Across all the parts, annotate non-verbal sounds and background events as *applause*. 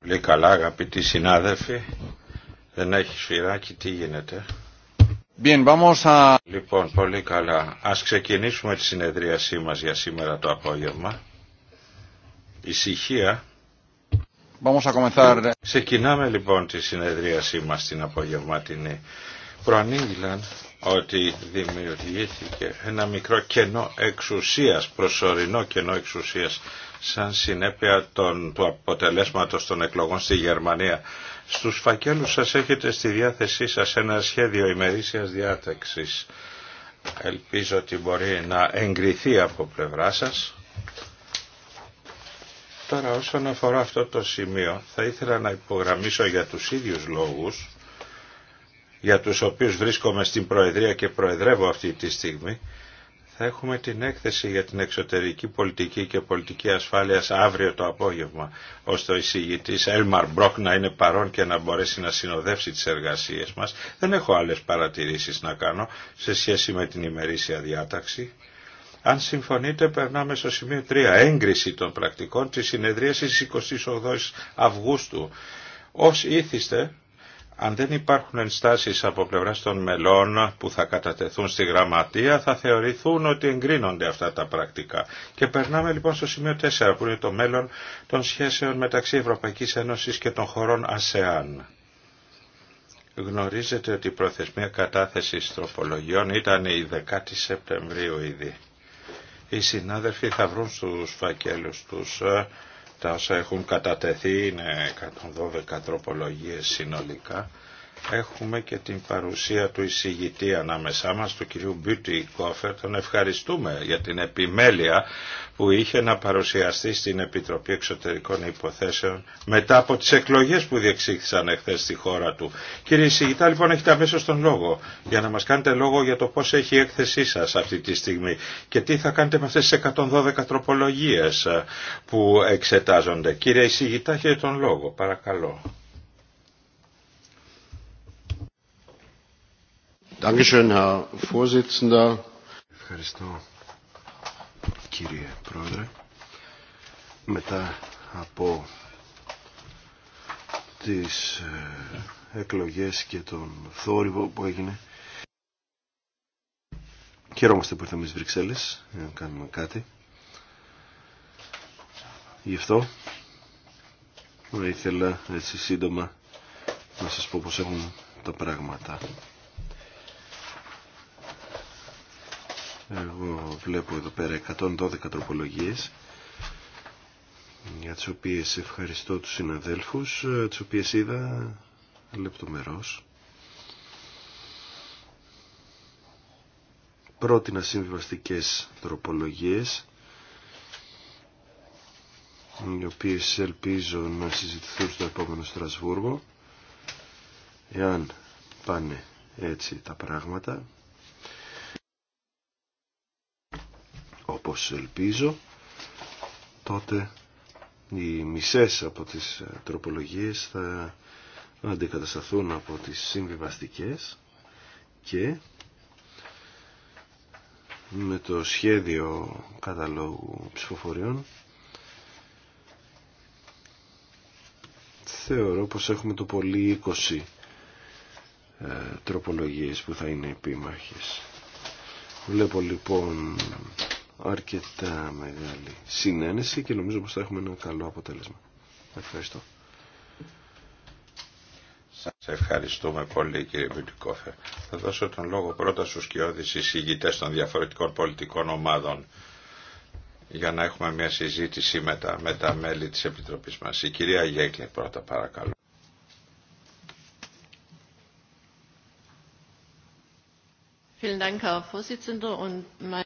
Πολύ καλά, αγαπητοί συνάδελφοι. Δεν έχει σφυράκι, τι γίνεται. Λοιπόν, πολύ καλά. Ας ξεκινήσουμε τη συνεδρίασή μας για σήμερα το απόγευμα. Ησυχία. Vamos Ξεκινάμε λοιπόν τη συνεδρίασή μας την απογευματινή. Προανήγγυλαν ότι δημιουργήθηκε ένα μικρό κενό εξουσίας, προσωρινό κενό εξουσίας, σαν συνέπεια των, του αποτελέσματος των εκλογών στη Γερμανία. Στους φακέλους σας έχετε στη διάθεσή σας ένα σχέδιο ημερήσιας διάταξης. Ελπίζω ότι μπορεί να εγκριθεί από πλευρά σας. Τώρα όσον αφορά αυτό το σημείο θα ήθελα να υπογραμμίσω για τους ίδιους λόγους για τους οποίους βρίσκομαι στην Προεδρία και προεδρεύω αυτή τη στιγμή, θα έχουμε την έκθεση για την εξωτερική πολιτική και πολιτική ασφάλειας αύριο το απόγευμα, ώστε ο εισηγητής Έλμαρ Μπρόκ να είναι παρόν και να μπορέσει να συνοδεύσει τις εργασίες μας. Δεν έχω άλλες παρατηρήσεις να κάνω σε σχέση με την ημερήσια διάταξη. Αν συμφωνείτε, περνάμε στο σημείο 3, έγκριση των πρακτικών της συνεδρίασης 28 Αυγούστου. Ως ήθιστε, αν δεν υπάρχουν ενστάσεις από πλευρά των μελών που θα κατατεθούν στη γραμματεία θα θεωρηθούν ότι εγκρίνονται αυτά τα πρακτικά. Και περνάμε λοιπόν στο σημείο 4 που είναι το μέλλον των σχέσεων μεταξύ Ευρωπαϊκής Ένωσης και των χωρών ΑΣΕΑΝ. Γνωρίζετε ότι η προθεσμία κατάθεσης τροπολογιών ήταν η 10η Σεπτεμβρίου ήδη. Οι συνάδελφοι θα βρουν στους φακέλους τους ε, τα όσα έχουν κατατεθεί είναι 112 τροπολογίες συνολικά έχουμε και την παρουσία του εισηγητή ανάμεσά μας, του κυρίου Μπιούτι Κόφερ. Τον ευχαριστούμε για την επιμέλεια που είχε να παρουσιαστεί στην Επιτροπή Εξωτερικών Υποθέσεων μετά από τις εκλογές που διεξήχθησαν εχθές στη χώρα του. Κύριε εισηγητά, λοιπόν, έχετε αμέσω τον λόγο για να μας κάνετε λόγο για το πώς έχει η έκθεσή σας αυτή τη στιγμή και τι θα κάνετε με αυτές τις 112 τροπολογίες που εξετάζονται. Κύριε εισηγητά, έχετε τον λόγο. Παρακαλώ. Ευχαριστώ κύριε Πρόεδρε. Μετά από τις ε, εκλογές και τον θόρυβο που έγινε χαιρόμαστε που ήρθαμε στις Βρυξέλλες να κάνουμε κάτι. Γι' αυτό ήθελα έτσι σύντομα να σας πω πως έχουν τα πράγματα. Εγώ βλέπω εδώ πέρα 112 τροπολογίες για τις οποίες ευχαριστώ τους συναδέλφους, τις οποίες είδα λεπτομερώς. Πρότεινα συμβιβαστικές τροπολογίες οι οποίες ελπίζω να συζητηθούν στο επόμενο Στρασβούργο εάν πάνε έτσι τα πράγματα όπως ελπίζω, τότε οι μισές από τις ε, τροπολογίες θα αντικατασταθούν από τις συμβιβαστικές και με το σχέδιο καταλόγου ψηφοφοριών θεωρώ πως έχουμε το πολύ 20 ε, τροπολογίες που θα είναι επίμαχες. Βλέπω λοιπόν αρκετά μεγάλη συνένεση και νομίζω πως θα έχουμε ένα καλό αποτέλεσμα. Ευχαριστώ. Σας ευχαριστούμε πολύ κύριε Μπιντικόφερ. Θα δώσω τον λόγο πρώτα στους κοιόδης εισηγητές των διαφορετικών πολιτικών ομάδων για να έχουμε μια συζήτηση με τα, με τα μέλη της Επιτροπής μας. Η κυρία Γέγκλε πρώτα παρακαλώ.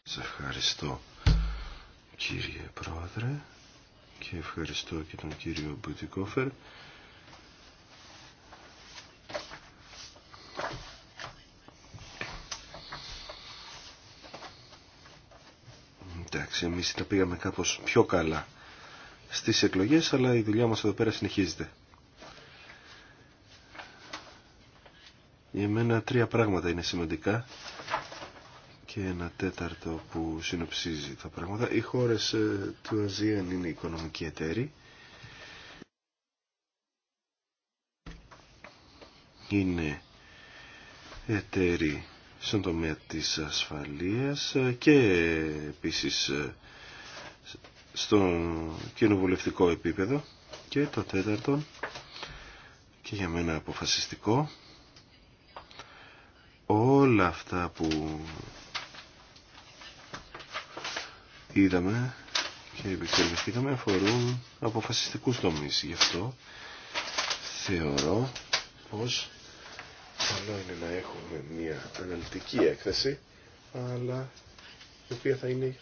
Σας ευχαριστώ κύριε Πρόεδρε και ευχαριστώ και τον κύριο Μπουτικόφερ. Εντάξει, εμείς τα πήγαμε κάπως πιο καλά στις εκλογές, αλλά η δουλειά μας εδώ πέρα συνεχίζεται. Για μένα τρία πράγματα είναι σημαντικά και ένα τέταρτο που συνοψίζει τα πράγματα. Οι χώρες ε, του ΑΖΙΑΝ είναι οικονομικοί εταίροι. Είναι εταίροι στον τομέα της ασφαλείας και επίσης ε, στο κοινοβουλευτικό επίπεδο και το τέταρτο και για μένα αποφασιστικό όλα αυτά που είδαμε και επεξεργαστήκαμε αφορούν αποφασιστικούς τομείς. Γι' αυτό θεωρώ πως καλό είναι να έχουμε μια αναλυτική έκθεση αλλά η οποία θα είναι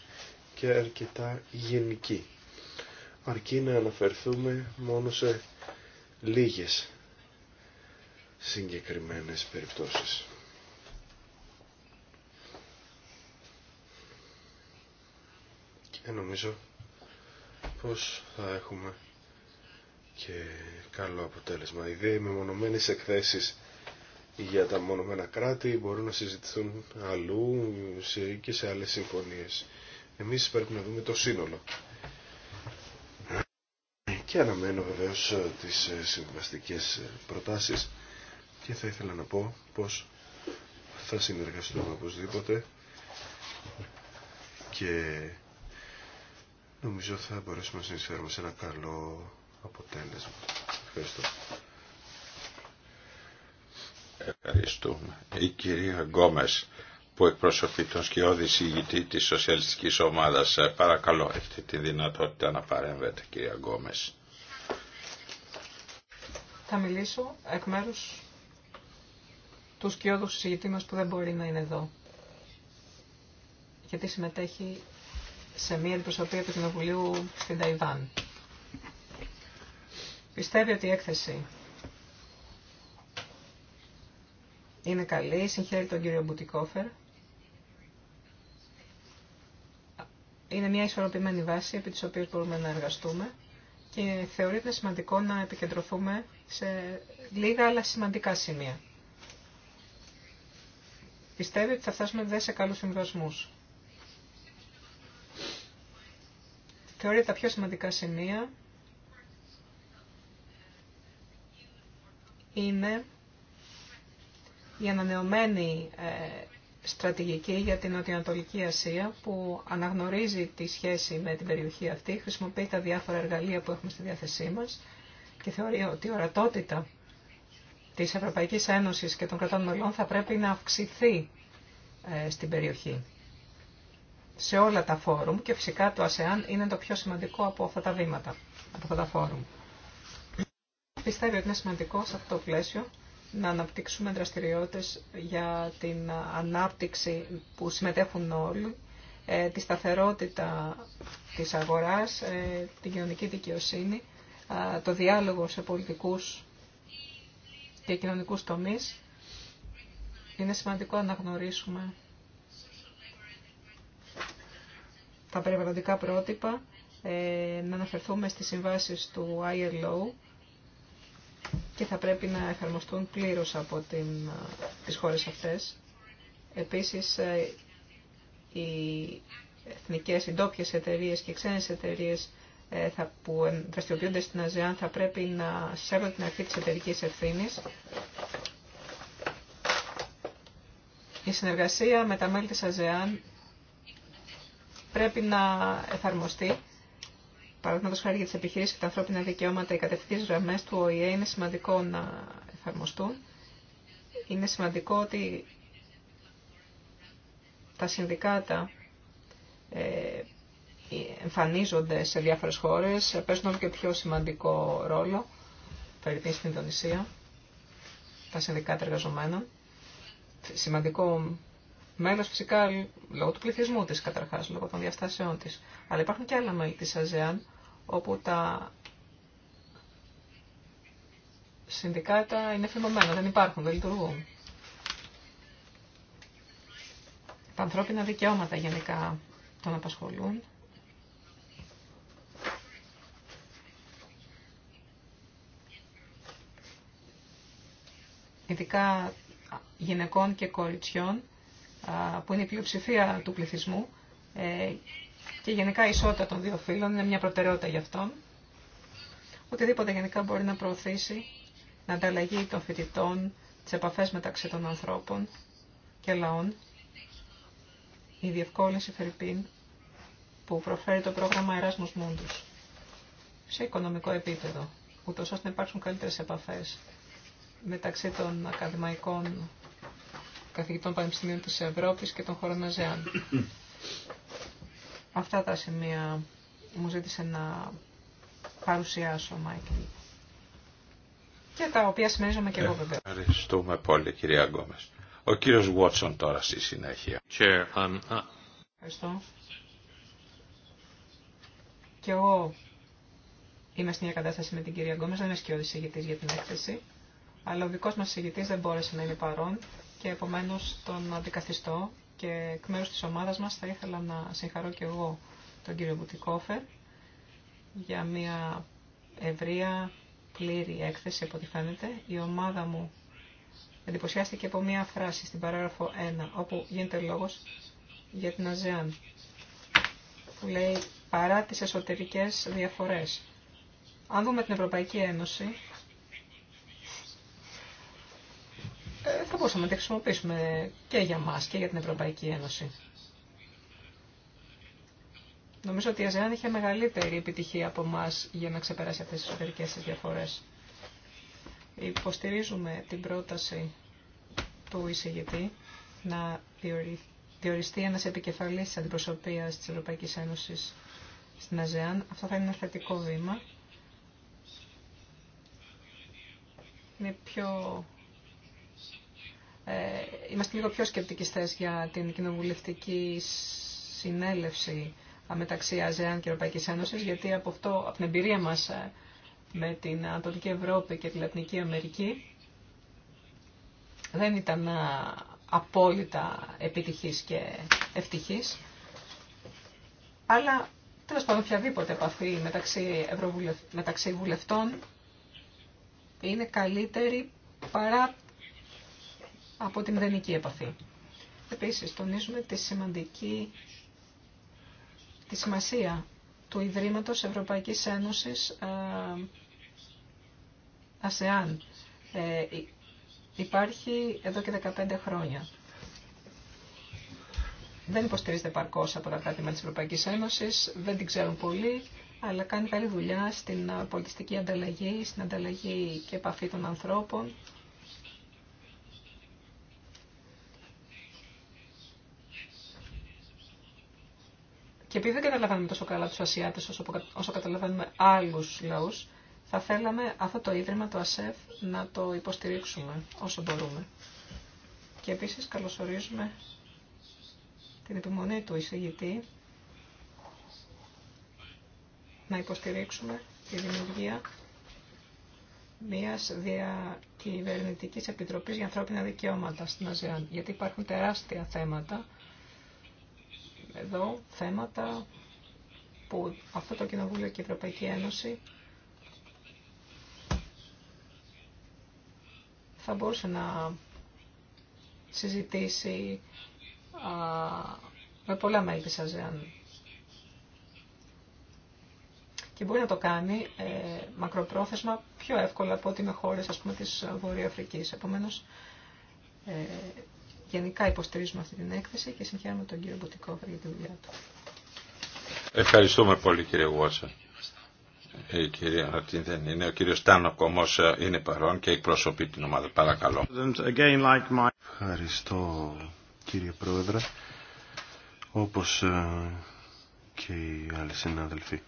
και αρκετά γενική. Αρκεί να αναφερθούμε μόνο σε λίγες συγκεκριμένες περιπτώσεις. Ε, νομίζω πως θα έχουμε και καλό αποτέλεσμα. Οι με μεμονωμένες εκθέσεις για τα μονομένα κράτη μπορούν να συζητηθούν αλλού σε, και σε άλλες συμφωνίες. Εμείς πρέπει να δούμε το σύνολο. Και αναμένω βεβαίως τις ε, συμβαστικές ε, προτάσεις και θα ήθελα να πω πως θα συνεργαστούμε οπωσδήποτε και νομίζω θα μπορέσουμε να συνεισφέρουμε σε ένα καλό αποτέλεσμα. Ευχαριστώ. Ευχαριστούμε. Η κυρία Γκόμες που εκπροσωπεί τον σκιώδη συγητή της Σοσιαλιστικής Ομάδας. Ε, παρακαλώ, έχετε τη δυνατότητα να παρέμβετε, κυρία Γκόμες. Θα μιλήσω εκ μέρους του σκιώδου συγητή μας που δεν μπορεί να είναι εδώ. Γιατί συμμετέχει σε μία αντιπροσωπεία του Κοινοβουλίου στην Ταϊβάν. Πιστεύει ότι η έκθεση είναι καλή, συγχαίρει τον κύριο Μπουτικόφερ. Είναι μια ισορροπημένη βάση επί της οποίας μπορούμε να εργαστούμε και θεωρείται σημαντικό να επικεντρωθούμε σε λίγα αλλά σημαντικά σημεία. Πιστεύει ότι θα φτάσουμε δε σε καλούς συμβασμούς. θεωρεί τα πιο σημαντικά σημεία είναι η ανανεωμένη ε, στρατηγική για την Νοτιοανατολική Ασία που αναγνωρίζει τη σχέση με την περιοχή αυτή, χρησιμοποιεί τα διάφορα εργαλεία που έχουμε στη διάθεσή μας και θεωρεί ότι η ορατότητα της Ευρωπαϊκής Ένωσης και των κρατών μελών θα πρέπει να αυξηθεί ε, στην περιοχή σε όλα τα φόρουμ και φυσικά το ΑΣΕΑΝ είναι το πιο σημαντικό από αυτά τα βήματα, από αυτά τα φόρουμ. Πιστεύω ότι είναι σημαντικό σε αυτό το πλαίσιο να αναπτύξουμε δραστηριότητες για την ανάπτυξη που συμμετέχουν όλοι, ε, τη σταθερότητα της αγοράς, ε, την κοινωνική δικαιοσύνη, ε, το διάλογο σε πολιτικούς και κοινωνικούς τομείς. Είναι σημαντικό να γνωρίσουμε τα περιβαλλοντικά πρότυπα, ε, να αναφερθούμε στις συμβάσεις του ILO και θα πρέπει να εφαρμοστούν πλήρως από την, ε, τις χώρες αυτές. Επίσης, ε, οι εθνικές, οι ντόπιες εταιρείες και οι ξένες εταιρείες θα, που δραστηριοποιούνται στην ΑΖΕΑΝ θα πρέπει να σέβονται την αρχή της εταιρικής ευθύνη. Η συνεργασία με τα μέλη της ΑΖΕΑΝ πρέπει να εφαρμοστεί. Παραδείγματο χάρη για τι επιχειρήσει και τα ανθρώπινα δικαιώματα, οι κατευθυντικέ γραμμέ του ΟΗΕ είναι σημαντικό να εφαρμοστούν. Είναι σημαντικό ότι τα συνδικάτα ε, ε, εμφανίζονται σε διάφορες χώρες, παίζουν όλο και πιο σημαντικό ρόλο, περίπου στην Ινδονησία, τα συνδικάτα εργαζομένων. Σημαντικό Μέλο φυσικά λόγω του πληθυσμού τη καταρχά, λόγω των διαστάσεών τη. Αλλά υπάρχουν και άλλα μέλη τη ΑΖΕΑΝ όπου τα συνδικάτα είναι φημωμένα, δεν υπάρχουν, δεν λειτουργούν. Τα ανθρώπινα δικαιώματα γενικά τον απασχολούν. Ειδικά γυναικών και κοριτσιών που είναι η πλειοψηφία του πληθυσμού ε, και γενικά η ισότητα των δύο φύλων είναι μια προτεραιότητα για αυτόν. Οτιδήποτε γενικά μπορεί να προωθήσει να ανταλλαγή των φοιτητών, τι επαφέ μεταξύ των ανθρώπων και λαών, η διευκόλυνση Φερρυπίν που προφέρει το πρόγραμμα Erasmus Mundus σε οικονομικό επίπεδο, ούτω ώστε να υπάρξουν καλύτερε επαφέ μεταξύ των ακαδημαϊκών καθηγητών πανεπιστημίων της Ευρώπης και των χωρών ΑΖΕΑΝ. *coughs* Αυτά τα σημεία μου ζήτησε να παρουσιάσω, Μάικλ. Και τα οποία συμμερίζομαι και εγώ βέβαια. Ευχαριστούμε πολύ, κυρία Γκόμες. Ο κύριος Βότσον τώρα στη συνέχεια. Um, uh, Ευχαριστώ. Και εγώ είμαι στην ίδια κατάσταση με την κυρία Γκόμες, δεν είμαι σκιώδης ηγητής για την έκθεση, αλλά ο δικός μας ηγητής δεν μπόρεσε να είναι παρόν και επομένως τον αντικαθιστώ και εκ μέρους της ομάδας μας θα ήθελα να συγχαρώ και εγώ τον κύριο Μπουτικόφερ για μια ευρεία πλήρη έκθεση από ό,τι φαίνεται. Η ομάδα μου εντυπωσιάστηκε από μια φράση στην παράγραφο 1 όπου γίνεται λόγος για την ΑΖΕΑΝ που λέει παρά τις εσωτερικές διαφορές. Αν δούμε την Ευρωπαϊκή Ένωση, Ε, θα μπορούσαμε να τη χρησιμοποιήσουμε και για μας και για την Ευρωπαϊκή Ένωση. Νομίζω ότι η ΑΖΕΑΝ είχε μεγαλύτερη επιτυχία από εμά για να ξεπεράσει αυτές τις εσωτερικές τις διαφορές. Υποστηρίζουμε την πρόταση του εισηγητή να διοριστεί ένας επικεφαλής της αντιπροσωπείας της Ευρωπαϊκής Ένωσης στην ΑΖΕΑΝ. Αυτό θα είναι ένα θετικό βήμα. Είναι πιο ε, είμαστε λίγο πιο σκεπτικιστές για την κοινοβουλευτική συνέλευση μεταξύ ΑΖΕΑΝ και Ευρωπαϊκή Ένωσης, γιατί από, αυτό, από την εμπειρία μας ε, με την Ανατολική Ευρώπη και τη Λατινική Αμερική δεν ήταν απόλυτα επιτυχής και ευτυχής. Αλλά τέλο πάντων οποιαδήποτε επαφή μεταξύ, μεταξύ βουλευτών είναι καλύτερη παρά από τη μηδενική επαφή. Επίσης, τονίζουμε τη σημαντική τη σημασία του Ιδρύματος Ευρωπαϊκής Ένωσης ε, ΑΣΕΑΝ. Ε, υπάρχει εδώ και 15 χρόνια. Δεν υποστηρίζεται παρκώς από τα κράτη μέλη της Ευρωπαϊκής Ένωσης, δεν την ξέρουν πολύ, αλλά κάνει καλή δουλειά στην πολιτιστική ανταλλαγή, στην ανταλλαγή και επαφή των ανθρώπων, Και επειδή δεν καταλαβαίνουμε τόσο καλά του Ασιάτες όσο, όσο καταλαβαίνουμε άλλου λαού, θα θέλαμε αυτό το Ίδρυμα, το ΑΣΕΦ, να το υποστηρίξουμε όσο μπορούμε. Και επίσης καλωσορίζουμε την επιμονή του εισηγητή να υποστηρίξουμε τη δημιουργία μιας διακυβερνητικής επιτροπής για ανθρώπινα δικαιώματα στην ΑΖΕΑΝ, γιατί υπάρχουν τεράστια θέματα εδώ θέματα που αυτό το Κοινοβούλιο και η Ευρωπαϊκή Ένωση θα μπορούσε να συζητήσει α, με πολλά μέλη της ΑΖΕΑΝ. Και μπορεί να το κάνει ε, μακροπρόθεσμα πιο εύκολα από ότι με χώρες ας πούμε, της Βορειοαφρικής. Επομένως, ε, γενικά υποστηρίζουμε αυτή την έκθεση και συγχαίρουμε τον κύριο Μπουτικόφα για τη δουλειά του. Ευχαριστούμε πολύ κύριε Γουάσα. Ε, η κυρία Αρτίν δεν είναι. Ο κύριος Τάνοκ ε, είναι παρόν και εκπροσωπεί την ομάδα. Παρακαλώ. Ευχαριστώ κύριε Πρόεδρε. Όπως ε, και οι άλλοι συνάδελφοι.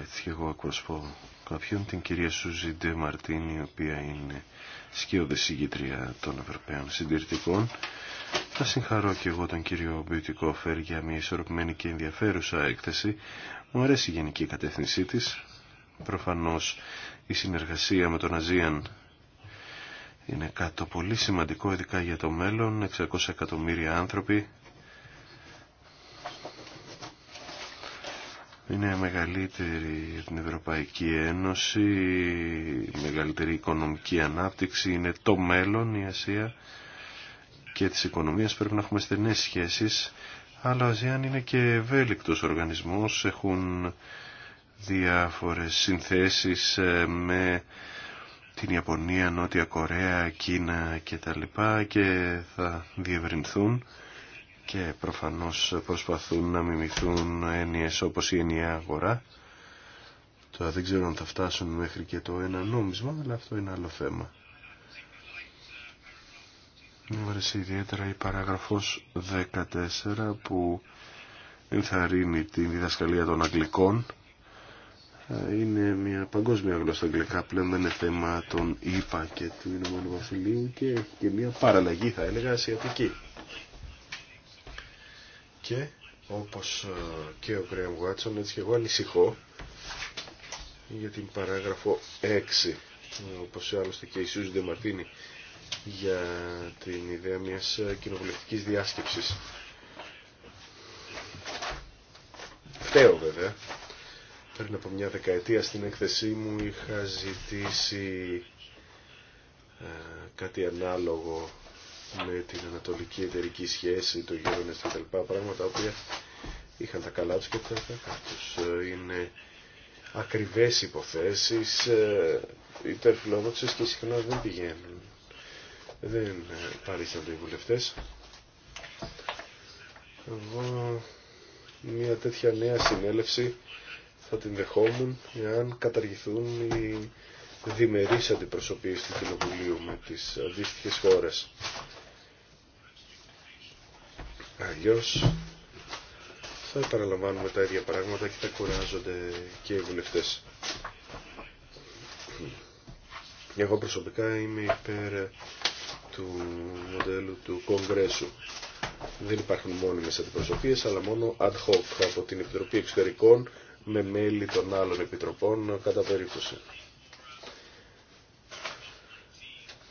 Έτσι και εγώ εκπροσωπώ κάποιον, την κυρία Σουζίντε Μαρτίνη, η οποία είναι συγκήτρια των Ευρωπαίων Συντηρητικών. Θα συγχαρώ και εγώ τον κύριο Μπιουτικόφερ για μια ισορροπημένη και ενδιαφέρουσα έκθεση. Μου αρέσει η γενική κατεύθυνσή τη. Προφανώς η συνεργασία με τον Αζίαν είναι κάτι πολύ σημαντικό, ειδικά για το μέλλον. 600 εκατομμύρια άνθρωποι είναι μεγαλύτερη την Ευρωπαϊκή Ένωση, η μεγαλύτερη οικονομική ανάπτυξη, είναι το μέλλον η Ασία και της οικονομίας πρέπει να έχουμε στενές σχέσεις, αλλά ο ΑΖΙΑΝ είναι και ευέλικτος οργανισμός, έχουν διάφορες συνθέσεις ε, με την Ιαπωνία, Νότια Κορέα, Κίνα κτλ. και θα διευρυνθούν και προφανώς προσπαθούν να μιμηθούν έννοιες όπως η ενιαία αγορά. Τώρα δεν ξέρω αν θα φτάσουν μέχρι και το ένα νόμισμα, αλλά αυτό είναι άλλο θέμα. Μου αρέσει ιδιαίτερα η παράγραφος 14 που ενθαρρύνει την διδασκαλία των Αγγλικών. Είναι μια παγκόσμια γλώσσα αγγλικά, πλέον δεν είναι θέμα των ΙΠΑ και του Ηνωμένου Βασιλείου και, και μια παραλλαγή θα έλεγα ασιατική. Και όπως ε, και ο Γκρέαμ Γουάτσον, έτσι και εγώ ανησυχώ για την παράγραφο 6, όπως άλλωστε και η Σούζη Ντεμαρτίνη, για την ιδέα μιας ε, κοινοβουλευτικής διάσκεψης. Φταίω βέβαια. Πριν από μια δεκαετία στην έκθεσή μου είχα ζητήσει ε, κάτι ανάλογο με την ανατολική εταιρική σχέση, το τα λοιπά Πράγματα οποία είχαν τα καλά τους και τα κακά τους. Είναι ακριβές υποθέσεις, ε, υπερφιλόδοξες και συχνά δεν πηγαίνουν. Δεν ε, παρήσανται οι βουλευτές. Εγώ μια τέτοια νέα συνέλευση θα την δεχόμουν εάν καταργηθούν οι διμερείς αντιπροσωπείς του Κοινοβουλίου με τις αντίστοιχε χώρες. Αλλιώς θα επαναλαμβάνουμε τα ίδια πράγματα και θα κουράζονται και οι βουλευτές. Εγώ προσωπικά είμαι υπέρ του μοντέλου του Κογκρέσου. Δεν υπάρχουν μόνιμες αντιπροσωπίες, αλλά μόνο ad hoc από την Επιτροπή Εξωτερικών με μέλη των άλλων επιτροπών κατά περίπτωση.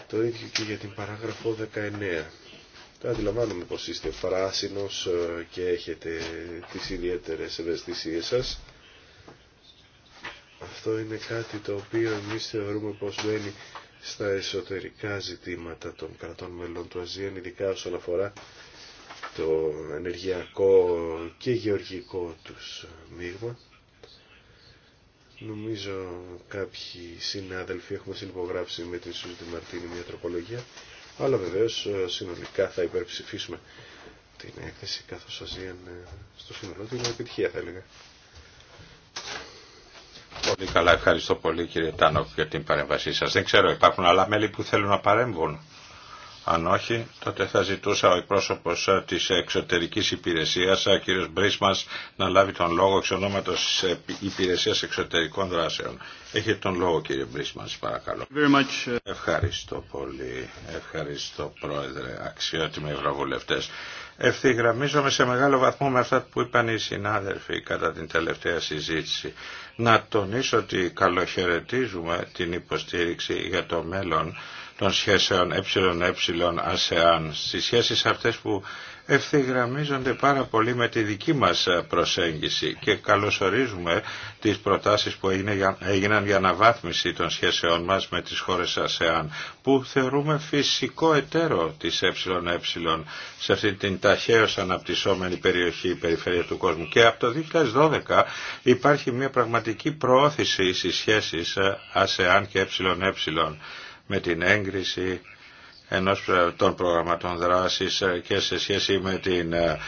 Το ίδιο και για την παράγραφο 19. Τώρα αντιλαμβάνομαι πως είστε φράσινος ε, και έχετε τις ιδιαίτερες ευαισθησίες σας. Αυτό είναι κάτι το οποίο εμείς θεωρούμε πως μπαίνει στα εσωτερικά ζητήματα των κρατών μελών του ΑΖΙΑΝ, ειδικά όσον αφορά το ενεργειακό και γεωργικό τους μείγμα. Νομίζω κάποιοι συνάδελφοι έχουμε συλλογογράψει με την Σούζη Μαρτίνη μια τροπολογία αλλά βεβαίω, ε, συνολικά θα υπερψηφίσουμε την έκθεση καθώ σα στο σύνολό την επιτυχία θα έλεγα. Πολύ καλά, ευχαριστώ πολύ κύριε Τάνοφ για την παρέμβασή σας. Δεν ξέρω, υπάρχουν άλλα μέλη που θέλουν να παρέμβουν. Αν όχι, τότε θα ζητούσα ο εκπρόσωπο ε, τη εξωτερική υπηρεσία, ο ε, κ. Μπρίσμα να λάβει τον λόγο εξ ονόματο τη ε, υπηρεσία εξωτερικών δράσεων. Έχετε τον λόγο κύριε Μπρίσμα, παρακαλώ. Ευχαριστώ πολύ. Ευχαριστώ πρόεδρε, αξιότιμοι ευρωβουλευτέ. Ευθυγραμμίζομαι σε μεγάλο βαθμό με αυτά που είπαν οι συνάδελφοι κατά την τελευταία συζήτηση. Να τονίσω ότι καλοχαιρετίζουμε την υποστήριξη για το μέλλον των σχέσεων ΕΕ ΑΣΕΑΝ, στις σχέσεις αυτές που ευθυγραμμίζονται πάρα πολύ με τη δική μας προσέγγιση και καλωσορίζουμε τις προτάσεις που έγιναν για αναβάθμιση των σχέσεών μας με τις χώρες ΑΣΕΑΝ που θεωρούμε φυσικό εταίρο της ΕΕ σε αυτή την ταχαίως αναπτυσσόμενη περιοχή περιφέρεια του κόσμου και από το 2012 υπάρχει μια πραγματική προώθηση στις σχέσεις ΑΣΕΑΝ και ΕΕ με την έγκριση ενός ε, των προγραμματών δράσης ε, και σε σχέση με την ε,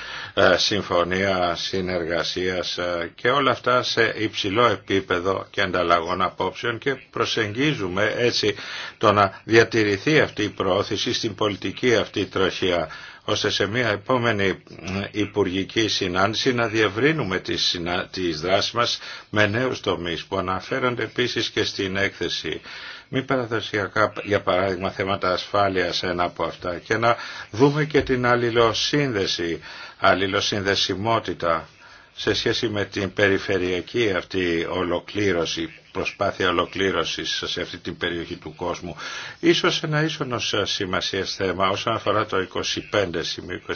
συμφωνία συνεργασίας και όλα αυτά σε υψηλό επίπεδο και ανταλλαγών απόψεων και προσεγγίζουμε έτσι το να διατηρηθεί αυτή η προώθηση στην πολιτική αυτή τροχιά ώστε σε μια επόμενη υπουργική συνάντηση να διευρύνουμε τις δράσεις μας με νέους τομείς που αναφέρονται επίσης και στην έκθεση μη παραδοσιακά για παράδειγμα θέματα ασφάλειας ένα από αυτά και να δούμε και την αλληλοσύνδεση, αλληλοσυνδεσιμότητα σε σχέση με την περιφερειακή αυτή ολοκλήρωση, προσπάθεια ολοκλήρωσης σε αυτή την περιοχή του κόσμου. Ίσως ένα ίσονος σημασίας θέμα όσον αφορά το 25, σημείο 25.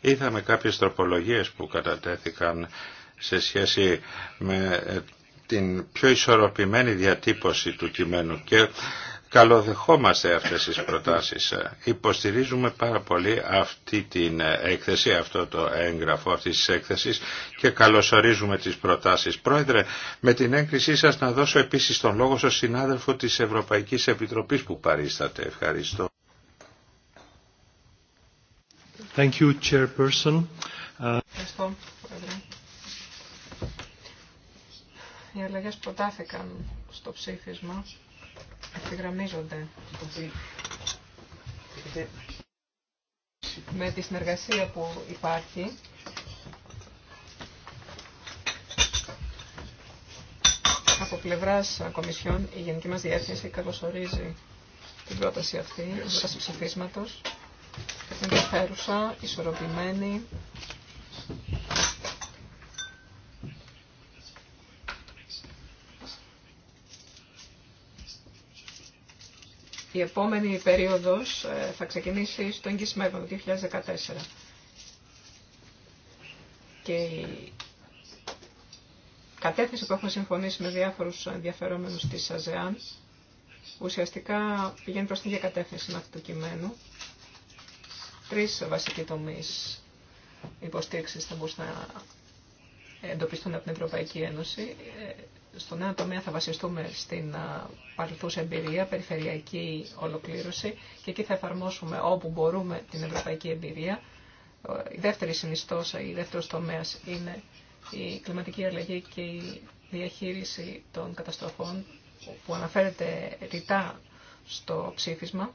Είδαμε κάποιες τροπολογίες που κατατέθηκαν σε σχέση με την πιο ισορροπημένη διατύπωση του κειμένου και καλοδεχόμαστε αυτές τις προτάσεις. Υποστηρίζουμε πάρα πολύ αυτή την έκθεση, αυτό το έγγραφο αυτή της έκθεσης και καλωσορίζουμε τις προτάσεις. Πρόεδρε, με την έγκρισή σας να δώσω επίσης τον λόγο στον συνάδελφο της Ευρωπαϊκής Επιτροπής που παρίσταται. Ευχαριστώ. Οι που προτάθηκαν στο ψήφισμα, Επιγραμμίζονται. με τη συνεργασία που υπάρχει από πλευρά Κομισιόν η Γενική μα Διεύθυνση καλωσορίζει την πρόταση αυτή, την πρόταση ψηφίσματος, ενδιαφέρουσα, ισορροπημένη Η επόμενη περίοδος ε, θα ξεκινήσει στο εγκυσμένο, το 2014. Και η κατεύθυνση που έχουμε συμφωνήσει με διάφορους ενδιαφερόμενους της ΑΖΕΑΝ ουσιαστικά πηγαίνει προς την ίδια με αυτό το κειμένο. Τρεις βασικοί τομείς υποστήριξης θα μπορούσαν να εντοπιστούν από την Ευρωπαϊκή Ένωση. Ε, στον ένα τομέα θα βασιστούμε στην παρελθούσα εμπειρία, περιφερειακή ολοκλήρωση και εκεί θα εφαρμόσουμε όπου μπορούμε την ευρωπαϊκή εμπειρία. Η δεύτερη συνιστόσα, η δεύτερος τομέας είναι η κλιματική αλλαγή και η διαχείριση των καταστροφών που αναφέρεται ρητά στο ψήφισμα.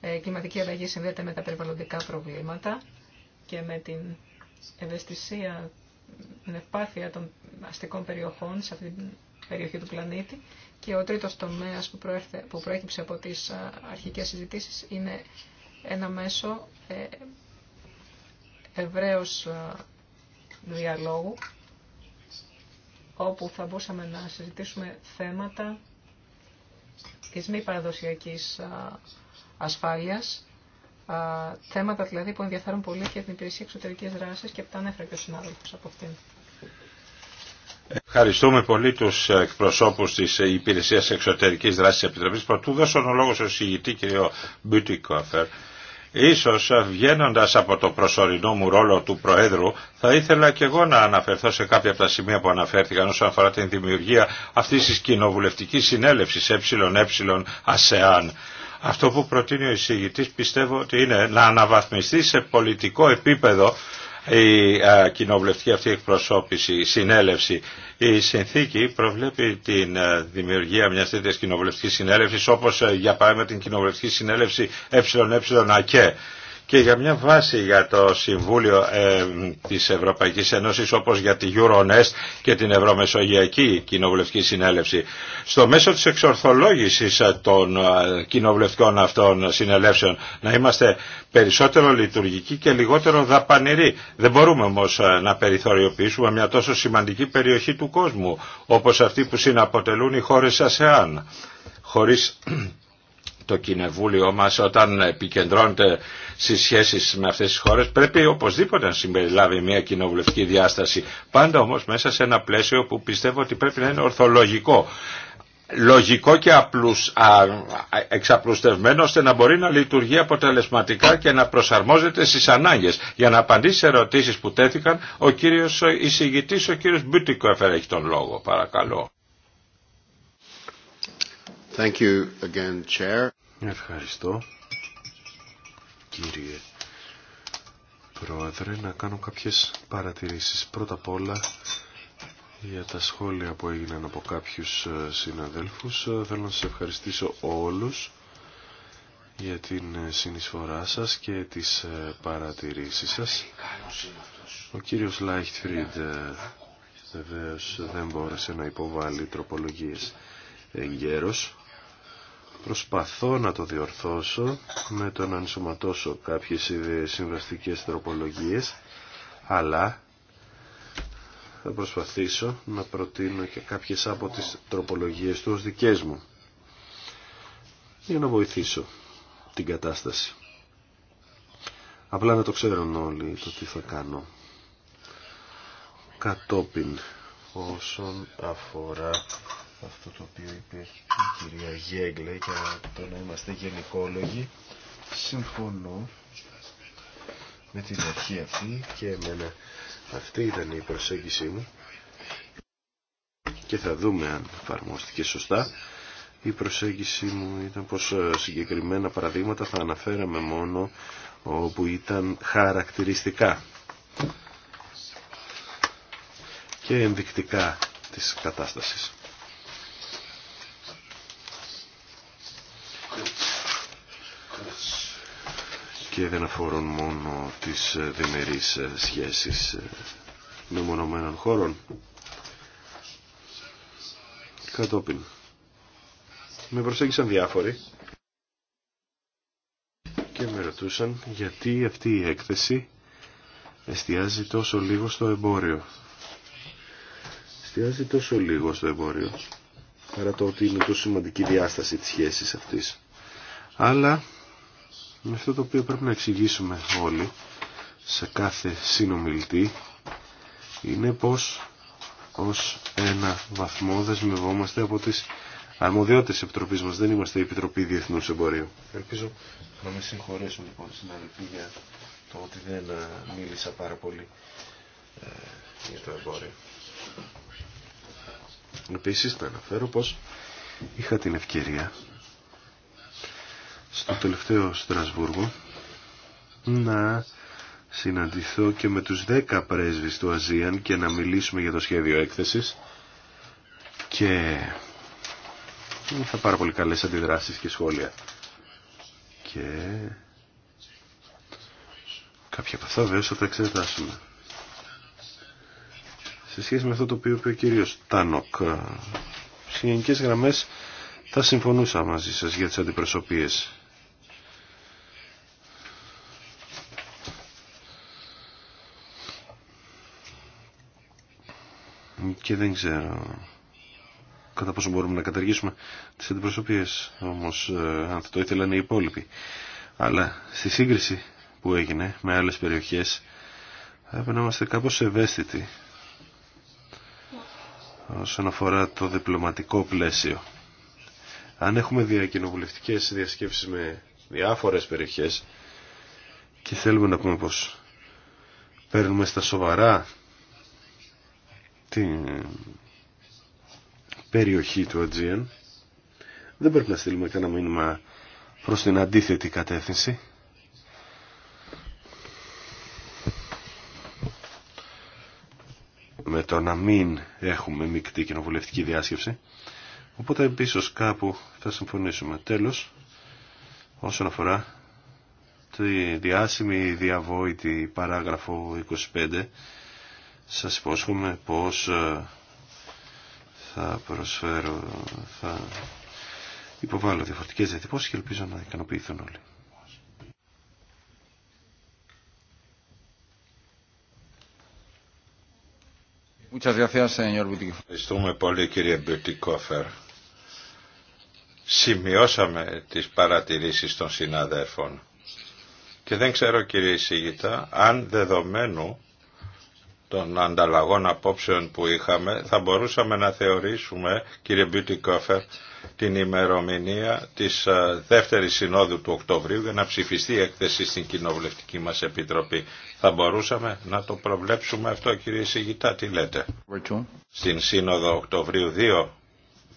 Ε, η κλιματική αλλαγή συνδέεται με τα περιβαλλοντικά προβλήματα και με την ευαισθησία την ευπάθεια των αστικών περιοχών σε αυτήν την περιοχή του πλανήτη. Και ο τρίτος τομέας που, που προέκυψε από τις αρχικές συζητήσεις είναι ένα μέσο ε, ευραίος διαλόγου όπου θα μπορούσαμε να συζητήσουμε θέματα της μη παραδοσιακής ασφάλειας, θέματα δηλαδή που ενδιαφέρουν πολύ και την υπηρεσία εξωτερικής δράσης και που τα ανέφερα και ο συνάδελφος από αυτήν. Ευχαριστούμε πολύ τους εκπροσώπους τη Υπηρεσία Εξωτερικής Δράσης Επιτροπή Επιτροπής. Πρωτού δώσω τον λόγο στον συγητή κ. Μπιουτικόφερ. σω βγαίνοντα από το προσωρινό μου ρόλο του Προέδρου θα ήθελα και εγώ να αναφερθώ σε κάποια από τα σημεία που αναφέρθηκαν όσον αφορά την δημιουργία αυτή τη κοινοβουλευτική συνέλευση ΕΕ ΑΣΕΑΝ. Αυτό που προτείνει ο εισηγητής πιστεύω ότι είναι να αναβαθμιστεί σε πολιτικό επίπεδο η κοινοβουλευτική αυτή εκπροσώπηση, η συνέλευση. Η συνθήκη προβλέπει την δημιουργία μια τέτοιας κοινοβουλευτική συνέλευση, όπω για παράδειγμα την κοινοβουλευτική συνέλευση ΕΕΑΚΕ και για μια βάση για το Συμβούλιο ε, της Ευρωπαϊκής Ένωσης όπως για τη Euronest και την Ευρωμεσογειακή Κοινοβουλευτική Συνέλευση. Στο μέσο της εξορθολόγησης ε, των ε, κοινοβουλευτικών αυτών συνελεύσεων να είμαστε περισσότερο λειτουργικοί και λιγότερο δαπανηροί. Δεν μπορούμε όμως ε, να περιθωριοποιήσουμε μια τόσο σημαντική περιοχή του κόσμου όπως αυτή που συναποτελούν οι χώρες ΑΣΕΑΝ χωρίς το κοινοβούλιο μας όταν επικεντρώνεται στις σχέσεις με αυτές τις χώρες πρέπει οπωσδήποτε να συμπεριλάβει μια κοινοβουλευτική διάσταση. Πάντα όμως μέσα σε ένα πλαίσιο που πιστεύω ότι πρέπει να είναι ορθολογικό λογικό και απλούς, α, εξαπλουστευμένο ώστε να μπορεί να λειτουργεί αποτελεσματικά και να προσαρμόζεται στις ανάγκες. Για να απαντήσει σε ερωτήσεις που τέθηκαν, ο κύριος εισηγητής, ο κύριος Μπιουτικόφερ έχει τον λόγο. Παρακαλώ. Thank again, Chair. Ευχαριστώ, κύριε Πρόεδρε, να κάνω κάποιες παρατηρήσεις. Πρώτα απ' όλα, για τα σχόλια που έγιναν από κάποιους ε, συναδέλφους, ε, θέλω να σας ευχαριστήσω όλους για την ε, συνεισφορά σας και τις παρατηρήσεις σας. Ο κύριος Λάιχτφριντ βεβαίω δεν μπόρεσε να υποβάλει τροπολογίες εγκαίρως. Προσπαθώ να το διορθώσω με το να ενσωματώσω κάποιες συμβαστικές τροπολογίες, αλλά θα προσπαθήσω να προτείνω και κάποιες από τις τροπολογίες του ως δικές μου για να βοηθήσω την κατάσταση. Απλά να το ξέρουν όλοι το τι θα κάνω. Κατόπιν όσον αφορά αυτό το οποίο είπε η κυρία Γέγλε για το να είμαστε γενικόλογοι. Συμφωνώ με την αρχή αυτή και εμένα αυτή ήταν η προσέγγιση μου και θα δούμε αν εφαρμόστηκε σωστά. Η προσέγγιση μου ήταν πως ε, συγκεκριμένα παραδείγματα θα αναφέραμε μόνο όπου ήταν χαρακτηριστικά και ενδεικτικά της κατάστασης. και δεν αφορούν μόνο τις ε, διμερείς ε, σχέσεις ε, μονομένων χώρων. Κατόπιν. Με προσέγγισαν διάφοροι και με ρωτούσαν γιατί αυτή η έκθεση εστιάζει τόσο λίγο στο εμπόριο. Εστιάζει τόσο λίγο στο εμπόριο, παρά το ότι είναι τόσο σημαντική διάσταση της σχέσης αυτής. Αλλά είναι αυτό το οποίο πρέπει να εξηγήσουμε όλοι σε κάθε συνομιλητή είναι πως ως ένα βαθμό δεσμευόμαστε από τις αρμοδιότητες Επιτροπής μας. Δεν είμαστε η Επιτροπή Διεθνούς Εμπορίου. Ελπίζω να με συγχωρέσουν λοιπόν συναδελφοί για το ότι δεν ε, μίλησα πάρα πολύ ε, για το εμπόριο. Επίσης θα αναφέρω πως είχα την ευκαιρία στο τελευταίο Στρασβούργο να συναντηθώ και με τους 10 πρέσβεις του Αζίαν και να μιλήσουμε για το σχέδιο έκθεσης και θα πάρα πολύ καλές αντιδράσεις και σχόλια και κάποια από αυτά βέβαια θα εξετάσουμε σε σχέση με αυτό το οποίο είπε ο κύριος Τάνοκ στις γενικές γραμμές θα συμφωνούσα μαζί σας για τις αντιπροσωπείες και δεν ξέρω κατά πόσο μπορούμε να καταργήσουμε τις αντιπροσωπίες, όμως ε, αν θα το ήθελαν οι υπόλοιποι αλλά στη σύγκριση που έγινε με άλλες περιοχές θα έπρεπε να είμαστε κάπως ευαίσθητοι όσον αφορά το διπλωματικό πλαίσιο αν έχουμε διακοινοβουλευτικές διασκέψεις με διάφορες περιοχές και θέλουμε να πούμε πως παίρνουμε στα σοβαρά την περιοχή του Ατζίαν. Δεν πρέπει να στείλουμε κανένα μήνυμα προς την αντίθετη κατεύθυνση. Με το να μην έχουμε μεικτή κοινοβουλευτική διάσκεψη. Οπότε επίσης κάπου θα συμφωνήσουμε. Τέλος, όσον αφορά τη διάσημη διαβόητη παράγραφο 25 σας υπόσχομαι πως ε, θα προσφέρω, θα υποβάλω διαφορετικές διατυπώσεις και ελπίζω να ικανοποιηθούν όλοι. Ευχαριστούμε πολύ κύριε Μπιουτικόφερ. Σημειώσαμε τις παρατηρήσεις των συναδέρφων. Και δεν ξέρω κύριε Σίγητα αν δεδομένου των ανταλλαγών απόψεων που είχαμε, θα μπορούσαμε να θεωρήσουμε, κύριε Κόφερ την ημερομηνία της ε, δεύτερης συνόδου του Οκτωβρίου για να ψηφιστεί η έκθεση στην Κοινοβουλευτική μας Επιτροπή. Θα μπορούσαμε να το προβλέψουμε αυτό, κύριε Σιγητά, τι λέτε. Στην Σύνοδο Οκτωβρίου 2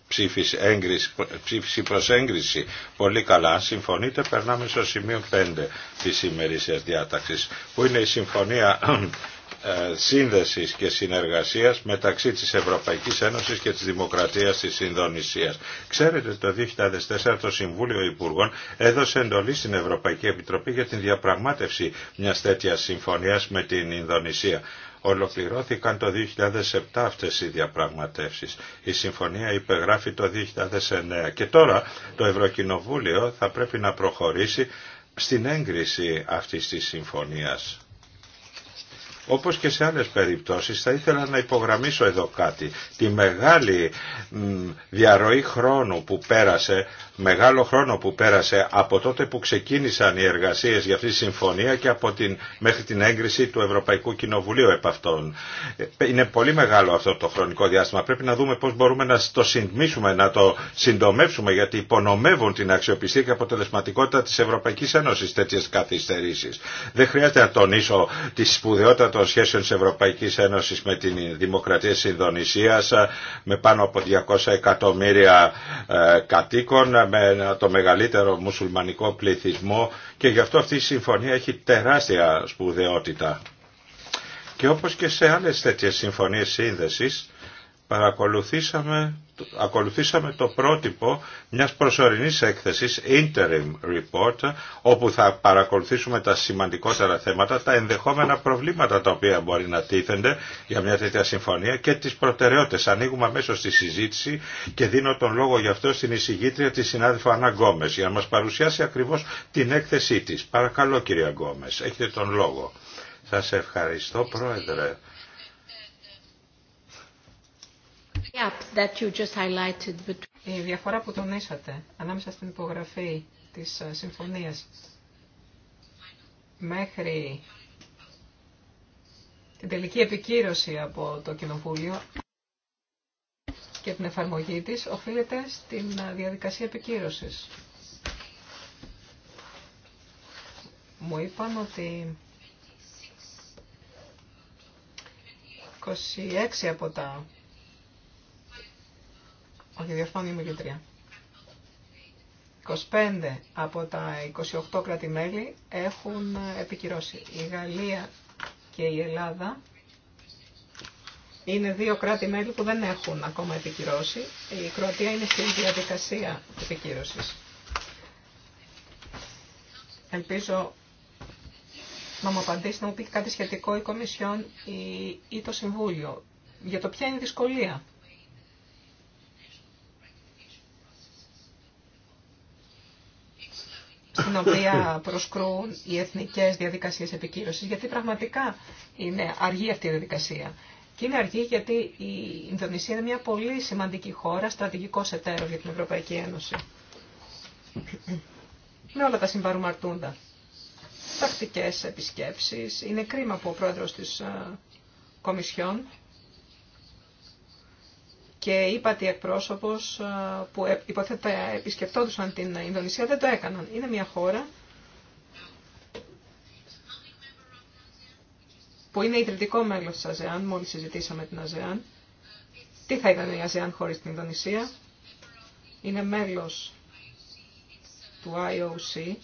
ψήφιση, έγκριση, προς έγκριση. Πολύ καλά. Αν συμφωνείτε περνάμε στο σημείο 5 της ημερήσιας διάταξης που είναι η συμφωνία ε, σύνδεσης και συνεργασίας μεταξύ της Ευρωπαϊκής Ένωσης και της Δημοκρατίας της Ινδονησίας. Ξέρετε το 2004 το Συμβούλιο Υπουργών έδωσε εντολή στην Ευρωπαϊκή Επιτροπή για την διαπραγμάτευση μιας τέτοιας συμφωνίας με την Ινδονησία. Ολοκληρώθηκαν το 2007 αυτές οι διαπραγματεύσεις. Η συμφωνία υπεγράφει το 2009 και τώρα το Ευρωκοινοβούλιο θα πρέπει να προχωρήσει στην έγκριση αυτής της συμφωνίας. Όπως και σε άλλες περιπτώσεις θα ήθελα να υπογραμμίσω εδώ κάτι. Τη μεγάλη διαρροή χρόνου που πέρασε μεγάλο χρόνο που πέρασε από τότε που ξεκίνησαν οι εργασίες για αυτή τη συμφωνία και από την, μέχρι την έγκριση του Ευρωπαϊκού Κοινοβουλίου επ' αυτών. Ε, είναι πολύ μεγάλο αυτό το χρονικό διάστημα. Πρέπει να δούμε πώς μπορούμε να το συντμίσουμε, να το συντομεύσουμε γιατί υπονομεύουν την αξιοπιστία και αποτελεσματικότητα της Ευρωπαϊκής Ένωσης τέτοιες καθυστερήσεις. Δεν χρειάζεται να τονίσω τη σπουδαιότητα των σχέσεων της Ευρωπαϊκής Ένωσης με την Δημοκρατία της Ινδονησίας με πάνω από 200 εκατομμύρια ε, κατοίκων με το μεγαλύτερο μουσουλμανικό πληθυσμό και γι' αυτό αυτή η συμφωνία έχει τεράστια σπουδαιότητα. Και όπως και σε άλλες τέτοιες συμφωνίες σύνδεσης, παρακολουθήσαμε ακολουθήσαμε το πρότυπο μιας προσωρινής έκθεσης interim report όπου θα παρακολουθήσουμε τα σημαντικότερα θέματα, τα ενδεχόμενα προβλήματα τα οποία μπορεί να τίθενται για μια τέτοια συμφωνία και τις προτεραιότητες. Ανοίγουμε μέσω στη συζήτηση και δίνω τον λόγο γι' αυτό στην εισηγήτρια τη συνάδελφο Ανά Γκόμες για να μας παρουσιάσει ακριβώς την έκθεσή της. Παρακαλώ κυρία Γκόμες, έχετε τον λόγο. Σας ευχαριστώ πρόεδρε. Η διαφορά που τονίσατε ανάμεσα στην υπογραφή της ε, συμφωνίας μέχρι την τελική επικύρωση από το Κοινοβούλιο και την εφαρμογή της οφείλεται στην ε, διαδικασία επικύρωσης. Μου είπαν ότι 26 από τα όχι, διαφωνεί η μιλήτρια. 25 από τα 28 κράτη-μέλη έχουν επικυρώσει. Η Γαλλία και η Ελλάδα είναι δύο κράτη-μέλη που δεν έχουν ακόμα επικυρώσει. Η Κροατία είναι στη διαδικασία επικύρωσης. Ελπίζω να μου απαντήσει, να μου πει κάτι σχετικό η Κομισιόν ή το Συμβούλιο για το ποια είναι η δυσκολία την οποία προσκρούν οι εθνικέ διαδικασίες επικύρωσης, γιατί πραγματικά είναι αργή αυτή η διαδικασία. Και είναι αργή γιατί η Ινδονησία είναι μια πολύ σημαντική χώρα, στρατηγικό εταίρο για την Ευρωπαϊκή Ένωση. Με όλα τα συμπαρουμαρτούντα. τακτικέ επισκέψεις. Είναι κρίμα που ο πρόεδρο τη ε, Κομισιόν και είπατε εκπρόσωπο, ε, που ε, υποθέτω επισκεπτόντουσαν την Ινδονησία δεν το έκαναν. Είναι μια χώρα που είναι ιδρυτικό μέλο τη ΑΖΕΑΝ, μόλις συζητήσαμε την ΑΖΕΑΝ. Τι θα ήταν η ΑΖΕΑΝ χωρίς την Ινδονησία. Είναι μέλο του IOC,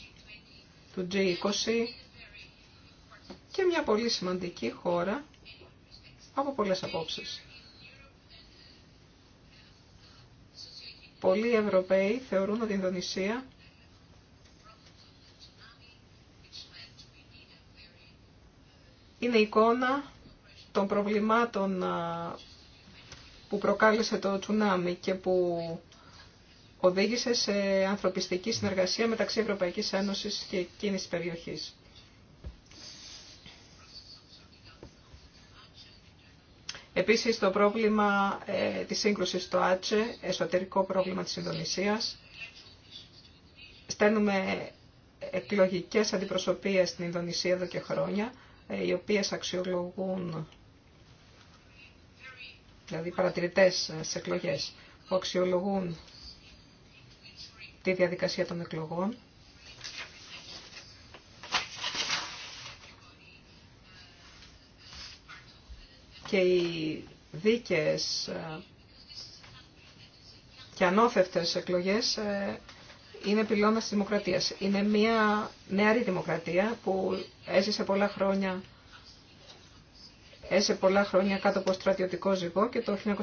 του G20 και μια πολύ σημαντική χώρα από πολλές απόψεις. Πολλοί Ευρωπαίοι θεωρούν ότι η Ινδονησία είναι εικόνα των προβλημάτων που προκάλεσε το τσουνάμι και που οδήγησε σε ανθρωπιστική συνεργασία μεταξύ Ευρωπαϊκής Ένωσης και εκείνης περιοχής. Επίσης το πρόβλημα ε, της σύγκρουσης στο ΆΤΣΕ, εσωτερικό πρόβλημα της Ινδονησίας. Στέλνουμε εκλογικές αντιπροσωπείες στην Ινδονησία εδώ και χρόνια, ε, οι οποίες αξιολογούν, δηλαδή παρατηρητές ε, στι εκλογές, που αξιολογούν τη διαδικασία των εκλογών και οι δίκαιες ε, και ανώθευτες εκλογές ε, είναι πυλώνας της δημοκρατίας. Είναι μια νεαρή δημοκρατία που έζησε πολλά χρόνια έζησε πολλά χρόνια κάτω από στρατιωτικό ζυγό και το 1989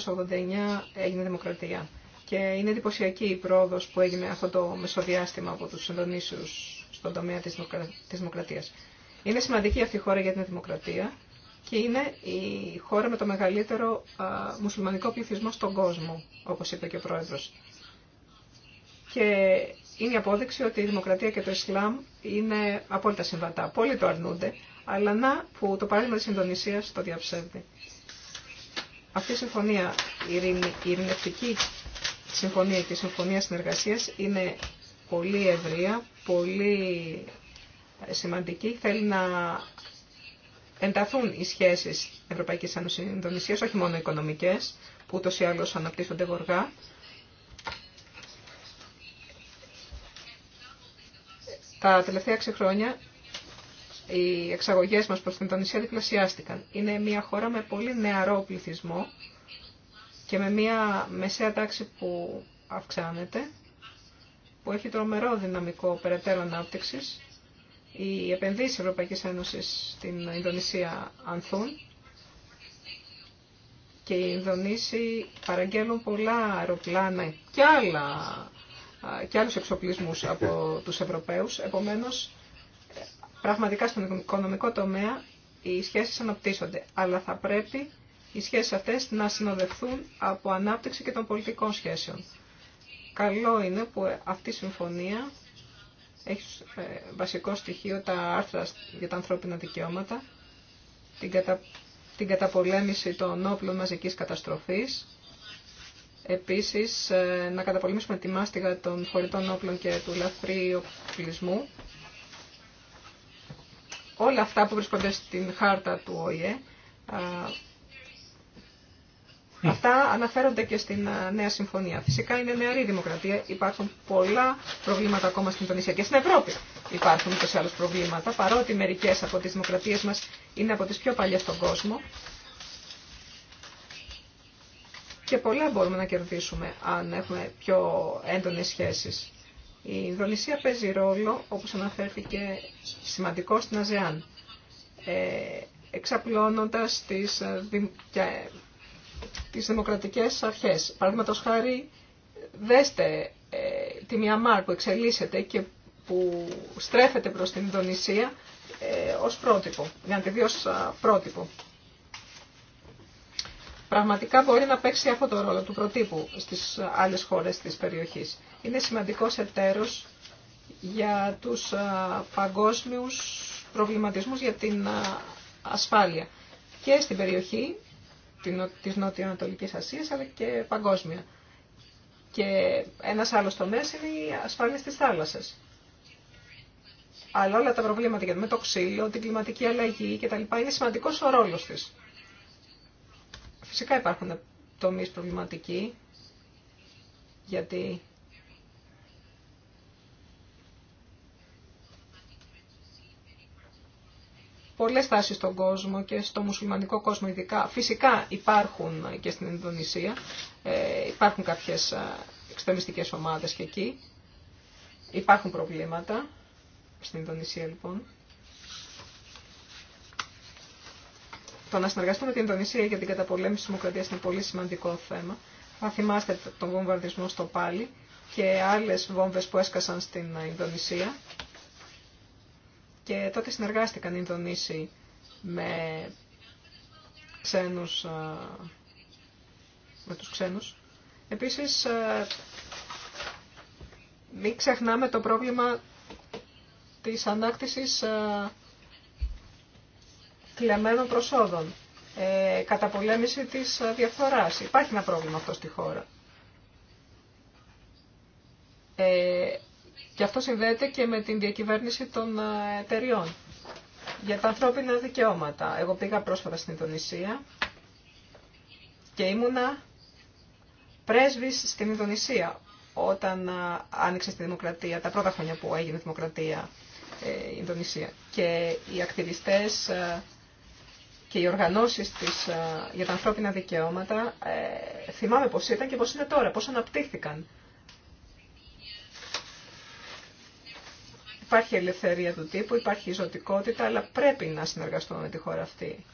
έγινε δημοκρατία. Και είναι εντυπωσιακή η πρόοδος που έγινε αυτό το μεσοδιάστημα από τους Ινδονήσιους στον τομέα της δημοκρατίας. Είναι σημαντική αυτή η χώρα για την δημοκρατία και είναι η χώρα με το μεγαλύτερο μουσουλμανικό πληθυσμό στον κόσμο, όπως είπε και ο Πρόεδρος. Και είναι η απόδειξη ότι η δημοκρατία και το Ισλάμ είναι απόλυτα συμβατά. Πολλοί το αρνούνται, αλλά να που το παράδειγμα της Ινδονησίας το διαψεύδει. Αυτή η συμφωνία, η, ειρηνευτική συμφωνία και η συμφωνία συνεργασίας είναι πολύ ευρεία, πολύ σημαντική. Θέλει να ενταθούν οι σχέσεις Ευρωπαϊκής Ανωσυνδονησίας, όχι μόνο οικονομικές, που ούτως ή άλλως αναπτύσσονται γοργά. Τα τελευταία έξι χρόνια οι εξαγωγές μας προς την Ινδονησία διπλασιάστηκαν. Είναι μια χώρα με πολύ νεαρό πληθυσμό και με μια μεσαία τάξη που αυξάνεται, που έχει τρομερό δυναμικό περαιτέρω ανάπτυξης οι επενδύσεις Ευρωπαϊκής Ένωσης στην Ινδονησία ανθούν και οι Ινδονήσοι παραγγέλνουν πολλά αεροπλάνα και, άλλα, και άλλους εξοπλισμούς από τους Ευρωπαίους. Επομένως, πραγματικά στον οικονομικό τομέα οι σχέσεις αναπτύσσονται, αλλά θα πρέπει οι σχέσεις αυτές να συνοδευτούν από ανάπτυξη και των πολιτικών σχέσεων. Καλό είναι που αυτή η συμφωνία έχει ε, βασικό στοιχείο τα άρθρα για τα ανθρώπινα δικαιώματα, την, κατα... την καταπολέμηση των όπλων μαζικής καταστροφής, επίσης ε, να καταπολεμήσουμε τη μάστιγα των χωρητών όπλων και του λαφρύ οπλισμού, όλα αυτά που βρίσκονται στην χάρτα του ΟΗΕ Αυτά αναφέρονται και στην ε, νέα συμφωνία. Φυσικά είναι νεαρή δημοκρατία. Υπάρχουν πολλά προβλήματα ακόμα στην Τονισία και στην Ευρώπη. Υπάρχουν και ή προβλήματα, παρότι μερικέ από τι δημοκρατίε μα είναι από τι πιο παλιέ στον κόσμο. Και πολλά μπορούμε να κερδίσουμε αν έχουμε πιο έντονες σχέσεις. Η Ινδονησία παίζει ρόλο, όπως αναφέρθηκε, σημαντικό στην ΑΖΕΑΝ, ε, εξαπλώνοντας τις ε, τις δημοκρατικές αρχές. Παραδείγματο χάρη, δέστε ε, τη Μιαμάρ που εξελίσσεται και που στρέφεται προς την Ινδονησία ε, ως πρότυπο, για να τη δει πρότυπο. Πραγματικά μπορεί να παίξει αυτό το ρόλο του προτύπου στις άλλες χώρες της περιοχής. Είναι σημαντικός εταίρος για τους παγκόσμιου παγκόσμιους προβληματισμούς για την ασφάλεια και στην περιοχή της Νοτιοανατολικής Ασίας αλλά και παγκόσμια. Και ένας άλλος τομέας είναι η ασφάλεια τη θάλασσες. Αλλά όλα τα προβλήματα για με το ξύλο, την κλιματική αλλαγή κτλ. είναι σημαντικός ο ρόλος της. Φυσικά υπάρχουν τομείς προβληματικοί γιατί πολλές τάσεις στον κόσμο και στο μουσουλμανικό κόσμο ειδικά. Φυσικά υπάρχουν και στην Ινδονησία, ε, υπάρχουν κάποιες ε, εξτρεμιστικές ομάδες και εκεί. Υπάρχουν προβλήματα στην Ινδονησία λοιπόν. Το να συνεργαστούμε με την Ινδονησία για την καταπολέμηση της δημοκρατίας είναι πολύ σημαντικό θέμα. Θα θυμάστε τον βομβαρδισμό στο Πάλι και άλλες βόμβες που έσκασαν στην Ινδονησία και τότε συνεργάστηκαν οι Ινδονήσοι με, ξένους, με τους ξένους. Επίσης, μην ξεχνάμε το πρόβλημα της ανάκτησης κλεμμένων προσόδων, ε, καταπολέμηση της διαφθοράς. Υπάρχει ένα πρόβλημα αυτό στη χώρα. Ε, και αυτό συνδέεται και με την διακυβέρνηση των ε, εταιριών. Για τα ανθρώπινα δικαιώματα. Εγώ πήγα πρόσφατα στην Ινδονησία και ήμουνα πρέσβης στην Ινδονησία όταν ε, άνοιξε στη δημοκρατία, τα πρώτα χρόνια που έγινε δημοκρατία ε, η Ινδονησία. Και οι ακτιβιστές και οι οργανώσεις της, για τα ανθρώπινα δικαιώματα θυμάμαι πώς ήταν και πώς είναι τώρα, πώς αναπτύχθηκαν. Υπάρχει ελευθερία του τύπου, υπάρχει ζωτικότητα, αλλά πρέπει να συνεργαστούμε με τη χώρα αυτή.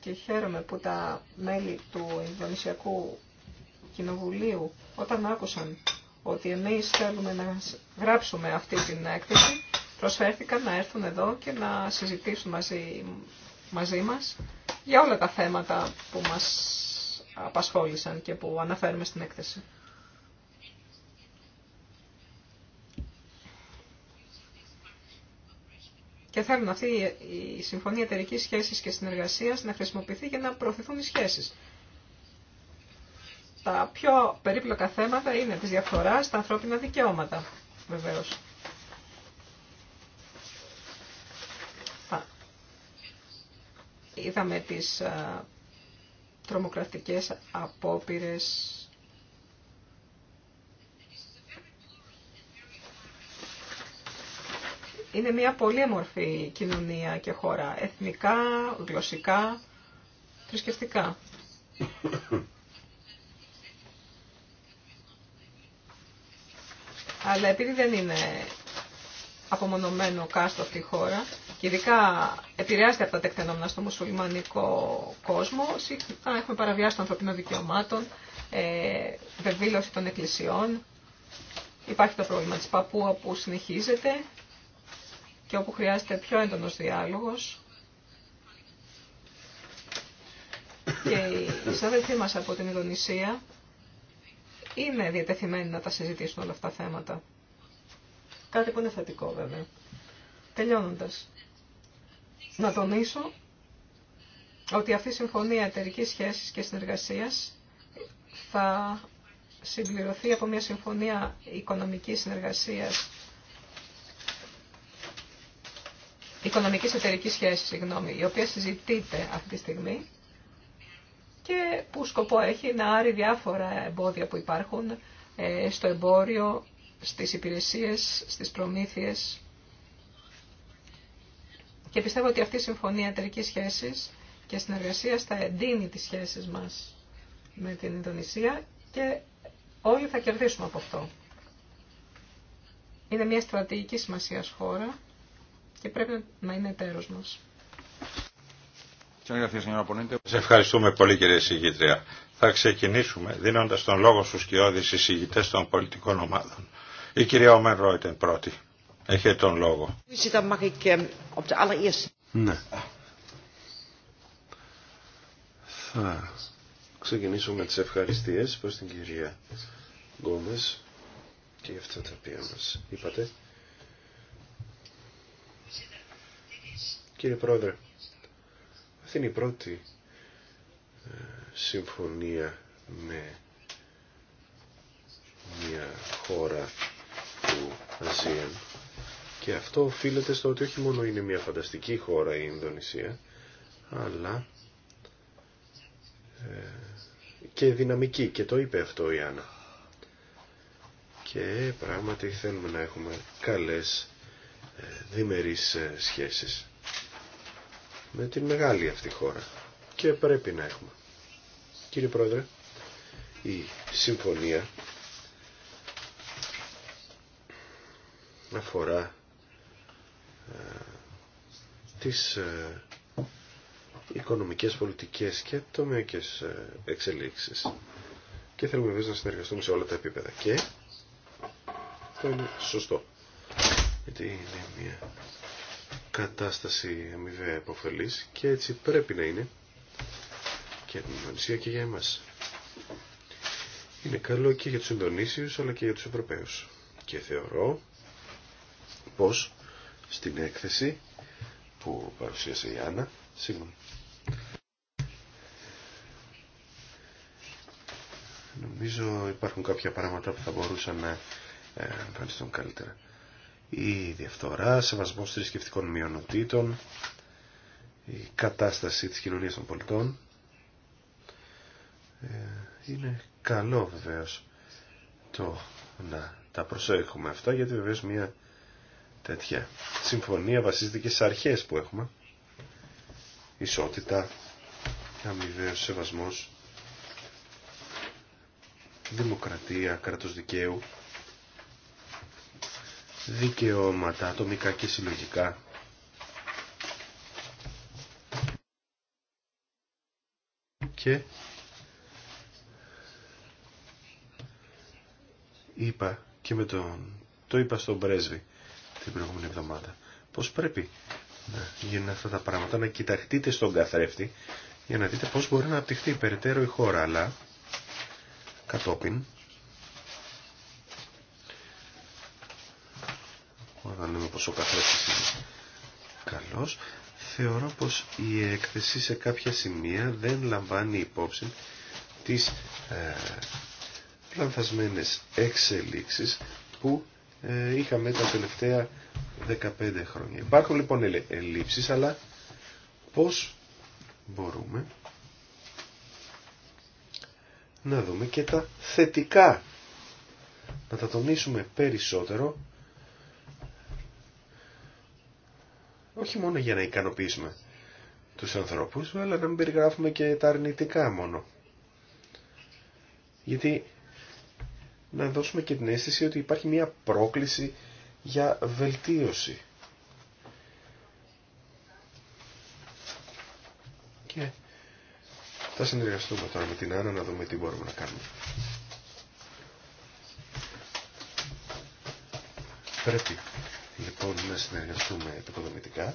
Και χαίρομαι που τα μέλη του Ινδονησιακού Κοινοβουλίου, όταν άκουσαν ότι εμείς θέλουμε να γράψουμε αυτή την έκθεση, προσφέρθηκαν να έρθουν εδώ και να συζητήσουν μαζί, μαζί μας για όλα τα θέματα που μας απασχόλησαν και που αναφέρουμε στην έκθεση. και θέλουν αυτή η Συμφωνία Εταιρική Σχέση και Συνεργασία να χρησιμοποιηθεί για να προωθηθούν οι σχέσει. Τα πιο περίπλοκα θέματα είναι τη διαφθορά, τα ανθρώπινα δικαιώματα, βεβαίω. Είδαμε τις ε, τρομοκρατικές απόπειρες είναι μια πολύ όμορφη κοινωνία και χώρα. Εθνικά, γλωσσικά, θρησκευτικά. Αλλά επειδή δεν είναι απομονωμένο κάστρο αυτή η χώρα, και ειδικά επηρεάζεται από τα τεκτενόμενα στο μουσουλμανικό κόσμο, έχουμε παραβιάσει των ανθρωπίνων δικαιωμάτων, ε, βεβήλωση των εκκλησιών, υπάρχει το πρόβλημα της παππούα που συνεχίζεται και όπου χρειάζεται πιο έντονος διάλογος. Και οι συνάδελφοί μας από την Ιδονησία είναι διατεθειμένοι να τα συζητήσουν όλα αυτά τα θέματα. Κάτι που είναι θετικό βέβαια. Τελειώνοντας, να τονίσω ότι αυτή η συμφωνία εταιρική σχέσης και συνεργασίας θα συμπληρωθεί από μια συμφωνία οικονομικής συνεργασίας οικονομική εταιρική σχέση, συγγνώμη, η οποία συζητείται αυτή τη στιγμή και που σκοπό έχει να άρει διάφορα εμπόδια που υπάρχουν ε, στο εμπόριο, στις υπηρεσίες, στις προμήθειες. Και πιστεύω ότι αυτή η συμφωνία εταιρική σχέσης και συνεργασία θα εντείνει τις σχέσεις μας με την Ινδονησία και όλοι θα κερδίσουμε από αυτό. Είναι μια στρατηγική σημασία χώρα και πρέπει να είναι εταίρος μας. Σας ευχαριστούμε πολύ κύριε Συγγήτρια. Θα ξεκινήσουμε δίνοντας τον λόγο στους κοιόδης εισηγητές των πολιτικών ομάδων. Η κυρία Ομεν Ρόιτεν πρώτη. Έχετε τον λόγο. Ehm, ναι. Θα ξεκινήσω με τις ευχαριστίες προς την κυρία Γκόμες και για αυτά τα οποία μας είπατε. Κύριε Πρόεδρε, αυτή είναι η πρώτη ε, συμφωνία με μια χώρα του Αζίαν και αυτό οφείλεται στο ότι όχι μόνο είναι μια φανταστική χώρα η Ινδονησία αλλά ε, και δυναμική και το είπε αυτό η Άννα και πράγματι θέλουμε να έχουμε καλές ε, διμερείς σχέσεις με την μεγάλη αυτή χώρα και πρέπει να έχουμε. Κύριε Πρόεδρε, η συμφωνία αφορά α, ε, τις ε, οικονομικές, πολιτικές και τομεκές ε, εξελίξεις και θέλουμε βέβαια να συνεργαστούμε σε όλα τα επίπεδα και το είναι σωστό γιατί είναι μια κατάσταση αμοιβαία υποφελής και έτσι πρέπει να είναι και Ινδονησία και για εμάς. Είναι καλό και για τους Ινδονήσιους αλλά και για τους Ευρωπαίους. Και θεωρώ πως στην έκθεση που παρουσίασε η Άννα, σύμφωνα νομίζω υπάρχουν κάποια πράγματα που θα μπορούσαν να εμφανιστούν καλύτερα η διαφθορά, σεβασμός θρησκευτικών μειονοτήτων, η κατάσταση της κοινωνίας των πολιτών. Ε, είναι καλό βεβαίως το να τα προσέχουμε αυτά γιατί βεβαίως μια τέτοια συμφωνία βασίζεται και σε αρχές που έχουμε. Ισότητα, αμοιβαίως σεβασμός, δημοκρατία, κράτος δικαίου δικαιώματα ατομικά και συλλογικά και είπα και με τον το είπα στον πρέσβη την προηγούμενη εβδομάδα πως πρέπει να γίνουν αυτά τα πράγματα να κοιταχτείτε στον καθρέφτη για να δείτε πως μπορεί να απτυχθεί περαιτέρω η χώρα αλλά κατόπιν αν δούμε πως ο καθρέφτης είναι καλός, θεωρώ πως η έκθεση σε κάποια σημεία δεν λαμβάνει υπόψη τις ε, πλανθασμένες εξελίξεις που ε, είχαμε τα τελευταία 15 χρόνια. Υπάρχουν λοιπόν ελλείψεις, αλλά πώς μπορούμε να δούμε και τα θετικά. Να τα τονίσουμε περισσότερο όχι μόνο για να ικανοποιήσουμε τους ανθρώπους, αλλά να μην περιγράφουμε και τα αρνητικά μόνο. Γιατί να δώσουμε και την αίσθηση ότι υπάρχει μια πρόκληση για βελτίωση. Και θα συνεργαστούμε τώρα με την Άννα να δούμε τι μπορούμε να κάνουμε. Πρέπει λοιπόν να συνεργαστούμε επικοδομητικά.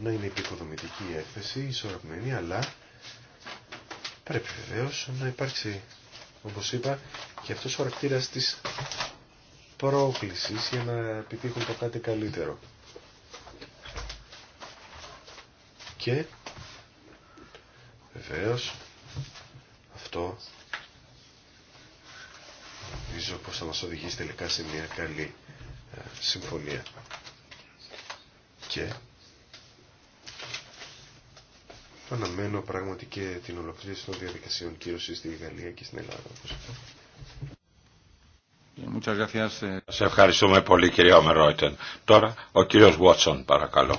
Να είναι επικοδομητική η έκθεση, ισορροπημένη, αλλά πρέπει βεβαίω να υπάρξει, όπως είπα, και αυτός ο χαρακτήρας της πρόκλησης για να επιτύχουν το κάτι καλύτερο. Και βεβαίω αυτό νομίζω πως θα μας οδηγήσει τελικά σε μια καλή ε, συμφωνία. Και αναμένω πράγματι και την ολοκλήρωση των διαδικασιών κύρωσης στη Γαλλία και στην Ελλάδα. Ε, ε. Σε ευχαριστούμε πολύ κύριε Ομερόιτεν. Τώρα ο κύριος Βότσον παρακαλώ.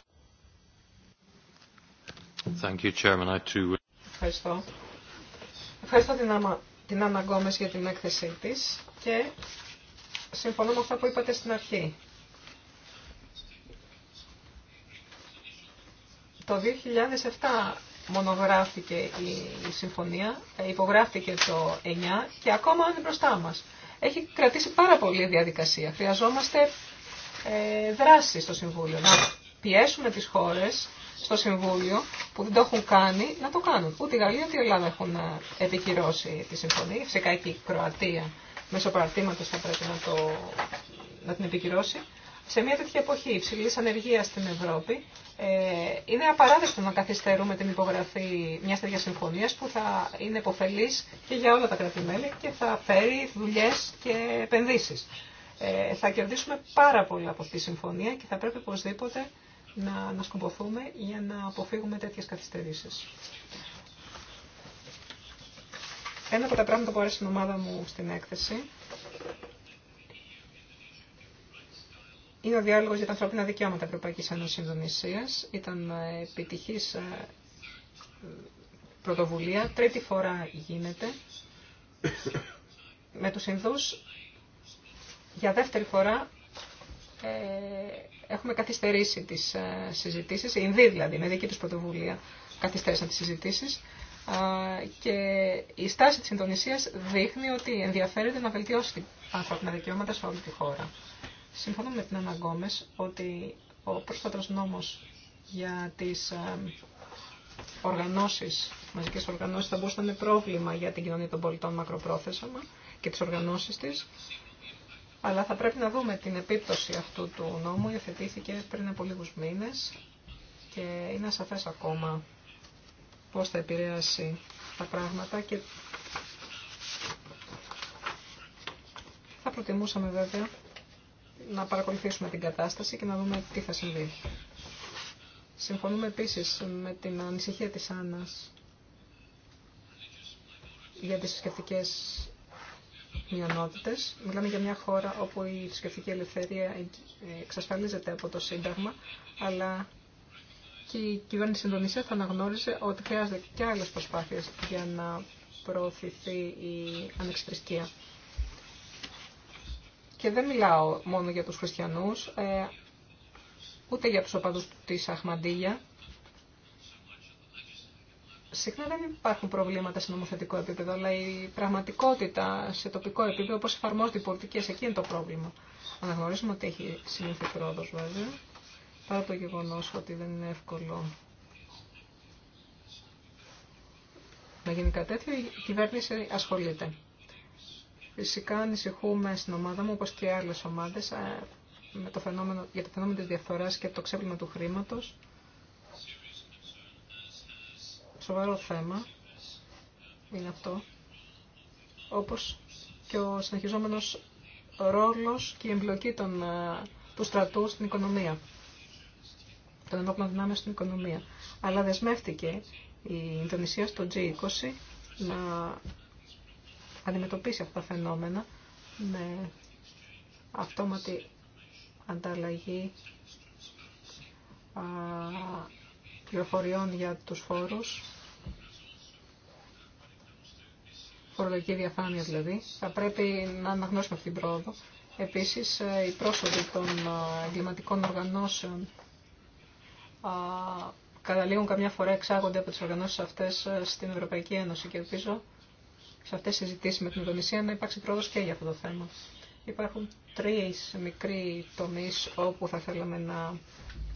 Thank you, Chairman. I too... Ευχαριστώ. Ευχαριστώ την Άμα την Άννα Γκόμες για την έκθεσή της και συμφωνώ με αυτά που είπατε στην αρχή. Το 2007 μονογράφηκε η συμφωνία, ε, υπογράφηκε το 9 και ακόμα είναι μπροστά μας. Έχει κρατήσει πάρα πολύ διαδικασία. Χρειαζόμαστε ε, δράση στο Συμβούλιο. Να πιέσουμε τις χώρες στο Συμβούλιο που δεν το έχουν κάνει να το κάνουν. Ούτε η Γαλλία ούτε η Ελλάδα έχουν ε, επικυρώσει τη συμφωνία. Φυσικά και η Κροατία μέσω παραρτήματο θα πρέπει να, το, να την επικυρώσει. Σε μια τέτοια εποχή υψηλή ανεργία στην Ευρώπη, ε, είναι απαράδεκτο να καθυστερούμε την υπογραφή μια τέτοια συμφωνία που θα είναι υποφελή και για όλα τα κρατη και θα φέρει δουλειέ και επενδύσει. Ε, θα κερδίσουμε πάρα πολλά από αυτή τη συμφωνία και θα πρέπει οπωσδήποτε να ανασκομποθούμε για να αποφύγουμε τέτοιες καθυστερήσει. Ένα από τα πράγματα που αρέσει στην ομάδα μου στην έκθεση είναι ο διάλογο για τα ανθρώπινα δικαιώματα Ευρωπαϊκή Ένωση Ινδονησία. Ήταν ε, επιτυχή ε, πρωτοβουλία. Τρίτη φορά γίνεται με τους Ινδούς. Για δεύτερη φορά ε, έχουμε καθυστερήσει τις ε, συζητήσεις, οι Ινδοί δηλαδή, με δική τους πρωτοβουλία καθυστέρησαν τις συζητήσεις και η στάση της Ινδονησίας δείχνει ότι ενδιαφέρεται να βελτιώσει τα ανθρώπινα δικαιώματα σε όλη τη χώρα. Συμφωνώ με την Αναγκόμες ότι ο πρόσφατος νόμος για τις ε, οργανώσεις, μαζικές οργανώσεις θα μπορούσε να είναι πρόβλημα για την κοινωνία των πολιτών μακροπρόθεσμα και τις οργανώσεις της. Αλλά θα πρέπει να δούμε την επίπτωση αυτού του νόμου. Υιοθετήθηκε πριν από λίγους μήνες και είναι ασαφές ακόμα πώς θα επηρέασει τα πράγματα και θα προτιμούσαμε βέβαια να παρακολουθήσουμε την κατάσταση και να δούμε τι θα συμβεί. Συμφωνούμε επίσης με την ανησυχία της Άννας για τις θρησκευτικές νότες, Μιλάμε για μια χώρα όπου η θρησκευτική ελευθερία εξασφαλίζεται από το Σύνταγμα, αλλά και η κυβέρνηση Ινδονησία θα αναγνώρισε ότι χρειάζεται και άλλε προσπάθειε για να προωθηθεί η ανεξιθρησκεία. Και δεν μιλάω μόνο για τους χριστιανούς, ε, ούτε για τους οπαδούς τη Αχμαντίγια, Συχνά δεν υπάρχουν προβλήματα σε νομοθετικό επίπεδο, αλλά η πραγματικότητα σε τοπικό επίπεδο, όπως εφαρμόζονται οι πολιτικέ, εκεί είναι το πρόβλημα. Αναγνωρίζουμε ότι έχει συνήθει πρόοδο, βέβαια, παρά το γεγονό ότι δεν είναι εύκολο να γίνει κάτι τέτοιο, η κυβέρνηση ασχολείται. Φυσικά ανησυχούμε στην ομάδα μου, όπως και άλλες ομάδες, ε, με το φαινόμενο, για το φαινόμενο της διαφθοράς και το ξέπλυμα του χρήματος σοβαρό θέμα είναι αυτό, όπως και ο συνεχιζόμενος ρόλος και η εμπλοκή των, ε, του στρατού στην οικονομία, των ενόπλων δυνάμεων στην οικονομία. Αλλά δεσμεύτηκε η Ινδονησία στο G20 να αντιμετωπίσει αυτά τα φαινόμενα με αυτόματη ανταλλαγή πληροφοριών για τους φόρους φορολογική διαφάνεια δηλαδή. Θα πρέπει να αναγνώσουμε αυτή την πρόοδο. Επίσης, ε, οι πρόσωποι των ε, εγκληματικών οργανώσεων καταλήγουν καμιά φορά εξάγονται από τις οργανώσεις αυτές ε, στην Ευρωπαϊκή Ένωση και ελπίζω σε αυτές τις συζητήσεις με την Ινδονησία να υπάρξει πρόοδο και για αυτό το θέμα. Υπάρχουν τρεις μικροί τομείς όπου θα θέλαμε να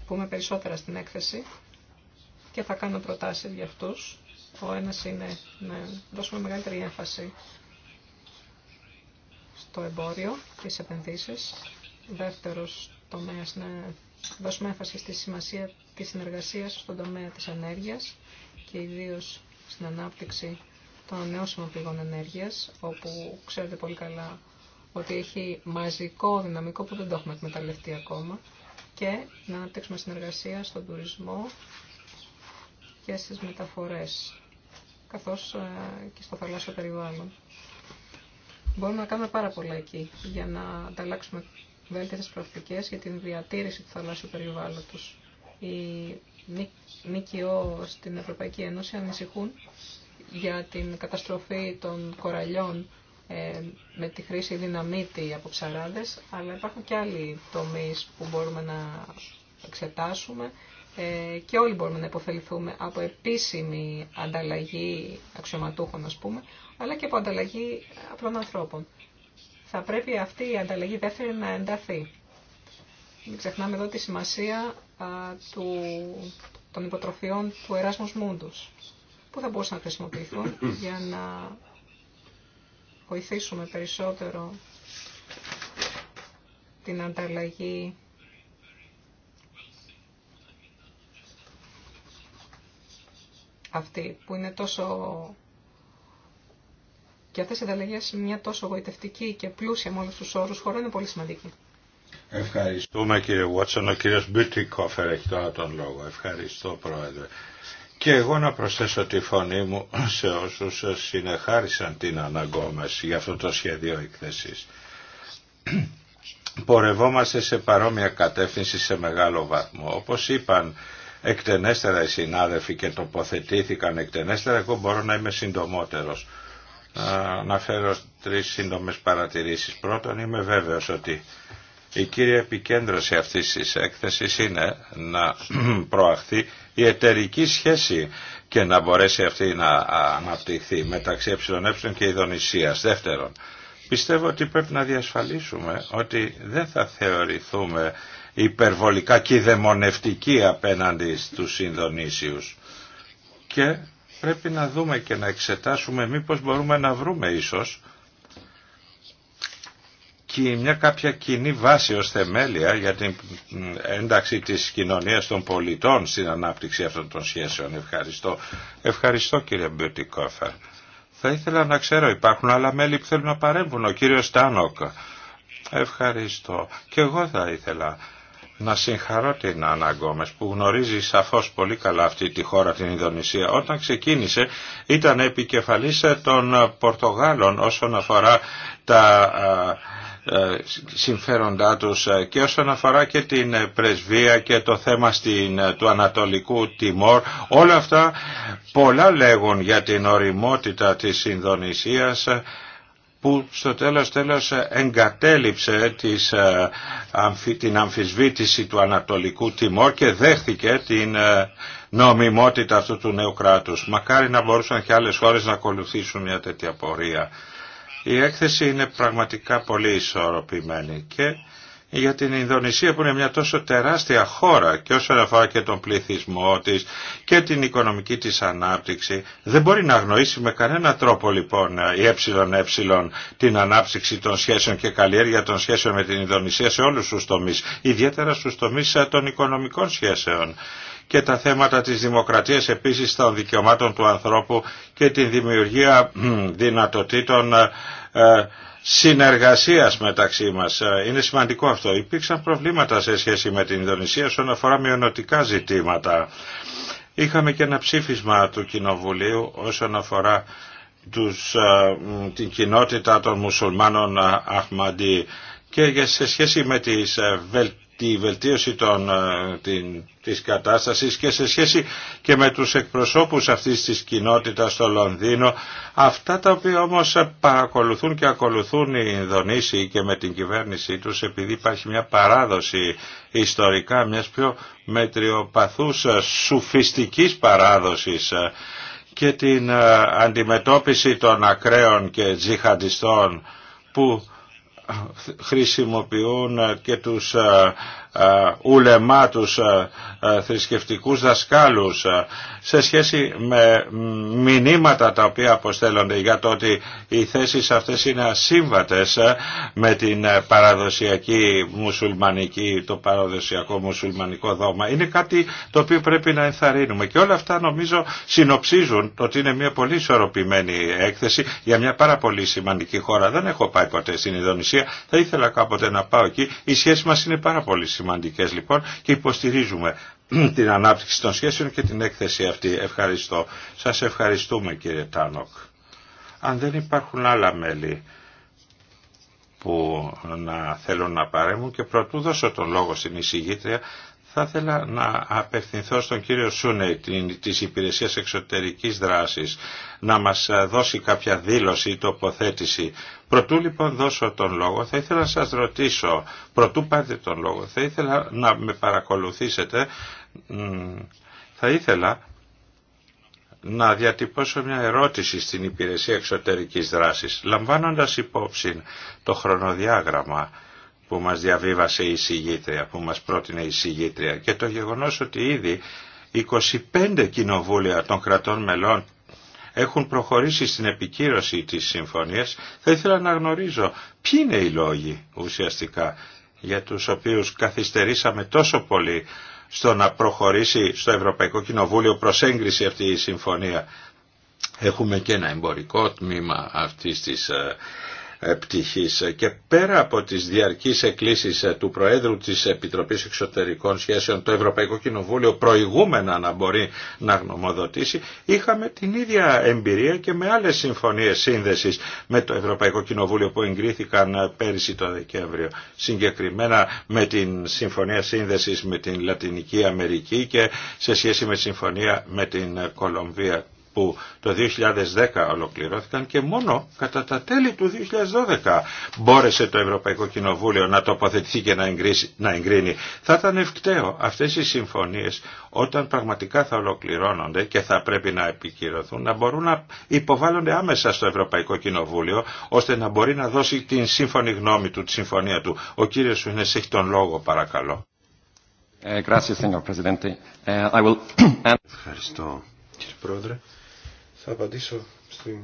πούμε περισσότερα στην έκθεση και θα κάνω προτάσεις για αυτούς. Ο ένα είναι να δώσουμε μεγαλύτερη έμφαση στο εμπόριο και επενδύσει. επενδύσεις. Δεύτερος τομέας να δώσουμε έμφαση στη σημασία της συνεργασίας στον τομέα της ενέργεια και ιδίως στην ανάπτυξη των ανανεώσιμων πηγών ενέργεια, όπου ξέρετε πολύ καλά ότι έχει μαζικό δυναμικό που δεν το έχουμε εκμεταλλευτεί ακόμα και να αναπτύξουμε συνεργασία στον τουρισμό και στις μεταφορές καθώς ε, και στο θαλάσσιο περιβάλλον. Μπορούμε να κάνουμε πάρα πολλά εκεί για να ανταλλάξουμε βέλτιστες πρακτικές για την διατήρηση του θαλάσσιου περιβάλλοντος. Οι νοικιό στην Ευρωπαϊκή Ένωση ανησυχούν για την καταστροφή των κοραλιών ε, με τη χρήση δυναμίτη από ψαράδες, αλλά υπάρχουν και άλλοι τομείς που μπορούμε να εξετάσουμε ε, και όλοι μπορούμε να υποφεληθούμε από επίσημη ανταλλαγή αξιωματούχων, ας πούμε, αλλά και από ανταλλαγή απλών ανθρώπων. Θα πρέπει αυτή η ανταλλαγή δεύτερη να ενταθεί. Μην ξεχνάμε εδώ τη σημασία του, των υποτροφιών του Εράσμος Μούντους, που θα μπορούσαν να χρησιμοποιηθούν για να βοηθήσουμε περισσότερο την ανταλλαγή αυτή που είναι τόσο... Και αυτές οι ανταλλαγές μια τόσο γοητευτική και πλούσια με όλους τους όρους χώρα είναι πολύ σημαντική. Ευχαριστούμε κύριε Βότσον. Ο κύριος Μπιουτικόφερ έχει τώρα τον λόγο. Ευχαριστώ πρόεδρε. Και εγώ να προσθέσω τη φωνή μου σε όσους συνεχάρισαν την αναγκόμεση για αυτό το σχέδιο εκθεσής. Πορευόμαστε σε παρόμοια κατεύθυνση σε μεγάλο βαθμό. Όπως είπαν εκτενέστερα οι συνάδελφοι και τοποθετήθηκαν εκτενέστερα, εγώ μπορώ να είμαι συντομότερος. Να φέρω τρεις σύντομες παρατηρήσεις. Πρώτον, είμαι βέβαιος ότι η κύρια επικέντρωση αυτής της έκθεσης είναι να *clears throat* προαχθεί η εταιρική σχέση και να μπορέσει αυτή να αναπτυχθεί μεταξύ ΕΕ και Δονησίας Δεύτερον, πιστεύω ότι πρέπει να διασφαλίσουμε ότι δεν θα θεωρηθούμε υπερβολικά και δαιμονευτική απέναντι στους Ινδονήσιους. Και πρέπει να δούμε και να εξετάσουμε μήπως μπορούμε να βρούμε ίσως και μια κάποια κοινή βάση ως θεμέλια για την ένταξη της κοινωνίας των πολιτών στην ανάπτυξη αυτών των σχέσεων. Ευχαριστώ. Ευχαριστώ κύριε Μπιουτικόφερ. Θα ήθελα να ξέρω, υπάρχουν άλλα μέλη που θέλουν να παρέμβουν. Ο κύριος Τάνοκ. Ευχαριστώ. Και εγώ θα ήθελα να συγχαρώ την Άννα που γνωρίζει σαφώς πολύ καλά αυτή τη χώρα την Ινδονησία. Όταν ξεκίνησε ήταν επικεφαλής των Πορτογάλων όσον αφορά τα συμφέροντά τους και όσον αφορά και την πρεσβεία και το θέμα στην, του Ανατολικού Τιμόρ όλα αυτά πολλά λέγουν για την οριμότητα της Ινδονησίας που στο τέλος τέλος ε, εγκατέλειψε ε, την αμφισβήτηση του Ανατολικού Τιμόρ και δέχθηκε την ε, νομιμότητα αυτού του νέου κράτους. Μακάρι να μπορούσαν και άλλες χώρες να ακολουθήσουν μια τέτοια πορεία. Η έκθεση είναι πραγματικά πολύ ισορροπημένη και για την Ινδονησία που είναι μια τόσο τεράστια χώρα και όσον αφορά και τον πληθυσμό της και την οικονομική της ανάπτυξη δεν μπορεί να αγνοήσει με κανένα τρόπο λοιπόν η ε, ΕΕ την ανάπτυξη των σχέσεων και καλλιέργεια των σχέσεων με την Ινδονησία σε όλους τους τομείς, ιδιαίτερα στους τομείς ε, των οικονομικών σχέσεων και τα θέματα της δημοκρατίας επίσης των δικαιωμάτων του ανθρώπου και την δημιουργία ε, δυνατοτήτων συνεργασίας μεταξύ μας. Ε, είναι σημαντικό αυτό. Υπήρξαν προβλήματα σε σχέση με την Ινδονησία όσον αφορά μειονοτικά ζητήματα. Είχαμε και ένα ψήφισμα του Κοινοβουλίου όσον αφορά ε, την κοινότητα των μουσουλμάνων ε, Αχμαντί και σε σχέση με τις τη βελτίωση των, ε, την, της κατάστασης και σε σχέση και με τους εκπροσώπους αυτής της κοινότητας στο Λονδίνο. Αυτά τα οποία όμως παρακολουθούν και ακολουθούν οι Ινδονήσοι και με την κυβέρνησή τους επειδή υπάρχει μια παράδοση ιστορικά μιας πιο μετριοπαθούς ε, σουφιστικής παράδοσης ε, και την αντιμετώπιση των ακραίων και τζιχαντιστών που χρησιμοποιούν και τους ε, ε, ουλεμά, τους ε, ε, θρησκευτικούς δασκάλους σε σχέση με μηνύματα τα οποία αποστέλλονται για το ότι οι θέσεις αυτές είναι ασύμβατες με την παραδοσιακή μουσουλμανική, το παραδοσιακό μουσουλμανικό δόγμα. Είναι κάτι το οποίο πρέπει να ενθαρρύνουμε και όλα αυτά νομίζω συνοψίζουν ότι είναι μια πολύ ισορροπημένη έκθεση για μια πάρα πολύ σημαντική χώρα. Δεν έχω πάει ποτέ στην Ιδονησία θα ήθελα κάποτε να πάω εκεί. Η σχέση μας είναι πάρα πολύ σημαντική σημαντικές λοιπόν και υποστηρίζουμε *clears throat* την ανάπτυξη των σχέσεων και την έκθεση αυτή. Ευχαριστώ. Σας ευχαριστούμε κύριε Τάνοκ. Αν δεν υπάρχουν άλλα μέλη που να θέλουν να παρέμουν και προτού δώσω τον λόγο στην εισηγήτρια θα ήθελα να απευθυνθώ στον κύριο Σούνε της Υπηρεσίας Εξωτερικής Δράσης να μας δώσει κάποια δήλωση ή τοποθέτηση Προτού λοιπόν δώσω τον λόγο, θα ήθελα να σας ρωτήσω, προτού πάτε τον λόγο, θα ήθελα να με παρακολουθήσετε, θα ήθελα να διατυπώσω μια ερώτηση στην Υπηρεσία Εξωτερικής Δράσης, λαμβάνοντας υπόψη το χρονοδιάγραμμα που μας διαβίβασε η συγγήτρια, που μας πρότεινε η συγγήτρια και το γεγονός ότι ήδη 25 κοινοβούλια των κρατών μελών έχουν προχωρήσει στην επικύρωση της συμφωνίας, θα ήθελα να γνωρίζω ποιοι είναι οι λόγοι ουσιαστικά για τους οποίους καθυστερήσαμε τόσο πολύ στο να προχωρήσει στο Ευρωπαϊκό Κοινοβούλιο προς έγκριση αυτή η συμφωνία. Έχουμε και ένα εμπορικό τμήμα αυτής της ε, πτυχής και πέρα από τις διαρκείς εκκλήσεις του Προέδρου της Επιτροπής Εξωτερικών Σχέσεων το Ευρωπαϊκό Κοινοβούλιο προηγούμενα να μπορεί να γνωμοδοτήσει είχαμε την ίδια εμπειρία και με άλλες συμφωνίες σύνδεσης με το Ευρωπαϊκό Κοινοβούλιο που εγκρίθηκαν πέρυσι το Δεκέμβριο συγκεκριμένα με την Συμφωνία Σύνδεσης με την Λατινική Αμερική και σε σχέση με τη Συμφωνία με την Κολομβία που το 2010 ολοκληρώθηκαν και μόνο κατά τα τέλη του 2012 μπόρεσε το Ευρωπαϊκό Κοινοβούλιο να τοποθετηθεί και να, εγκρίνει. Θα ήταν ευκταίο αυτές οι συμφωνίες όταν πραγματικά θα ολοκληρώνονται και θα πρέπει να επικυρωθούν να μπορούν να υποβάλλονται άμεσα στο Ευρωπαϊκό Κοινοβούλιο ώστε να μπορεί να δώσει την σύμφωνη γνώμη του, τη συμφωνία του. Ο κύριος Σουνές έχει τον λόγο παρακαλώ. Ε, ε, Ευχαριστώ κύριε Πρόεδρε. Θα απαντήσω στην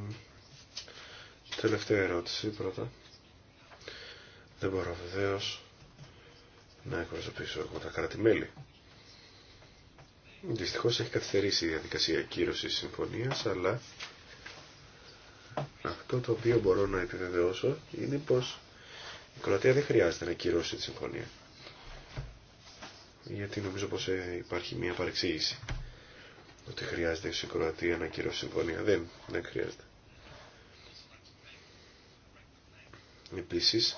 τελευταία ερώτηση πρώτα. Δεν μπορώ βεβαίω να εκπροσωπήσω εγώ τα κράτη-μέλη. Δυστυχώς έχει καθυστερήσει η διαδικασία κύρωσης συμφωνίας, αλλά αυτό το οποίο μπορώ να επιβεβαιώσω είναι πως η Κροατία δεν χρειάζεται να κυρώσει τη συμφωνία. Γιατί νομίζω πως ε, υπάρχει μια παρεξήγηση ότι χρειάζεται η Κροατία να κυρώσει συμφωνία. Δεν, δεν χρειάζεται. Επίσης,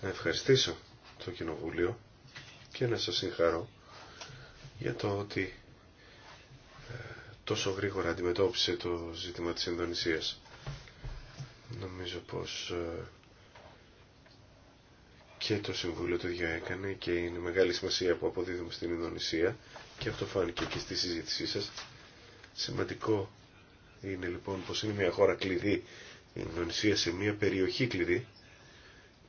να ευχαριστήσω το Κοινοβούλιο και να σας συγχαρώ για το ότι ε, τόσο γρήγορα αντιμετώπισε το ζήτημα της Ινδονησίας. Νομίζω πως ε, και το Συμβούλιο το ίδιο έκανε και είναι μεγάλη σημασία που αποδίδουμε στην Ινδονησία και αυτό φάνηκε και στη συζήτησή σας. Σημαντικό είναι λοιπόν πως είναι μια χώρα κλειδί η Ινδονησία σε μια περιοχή κλειδί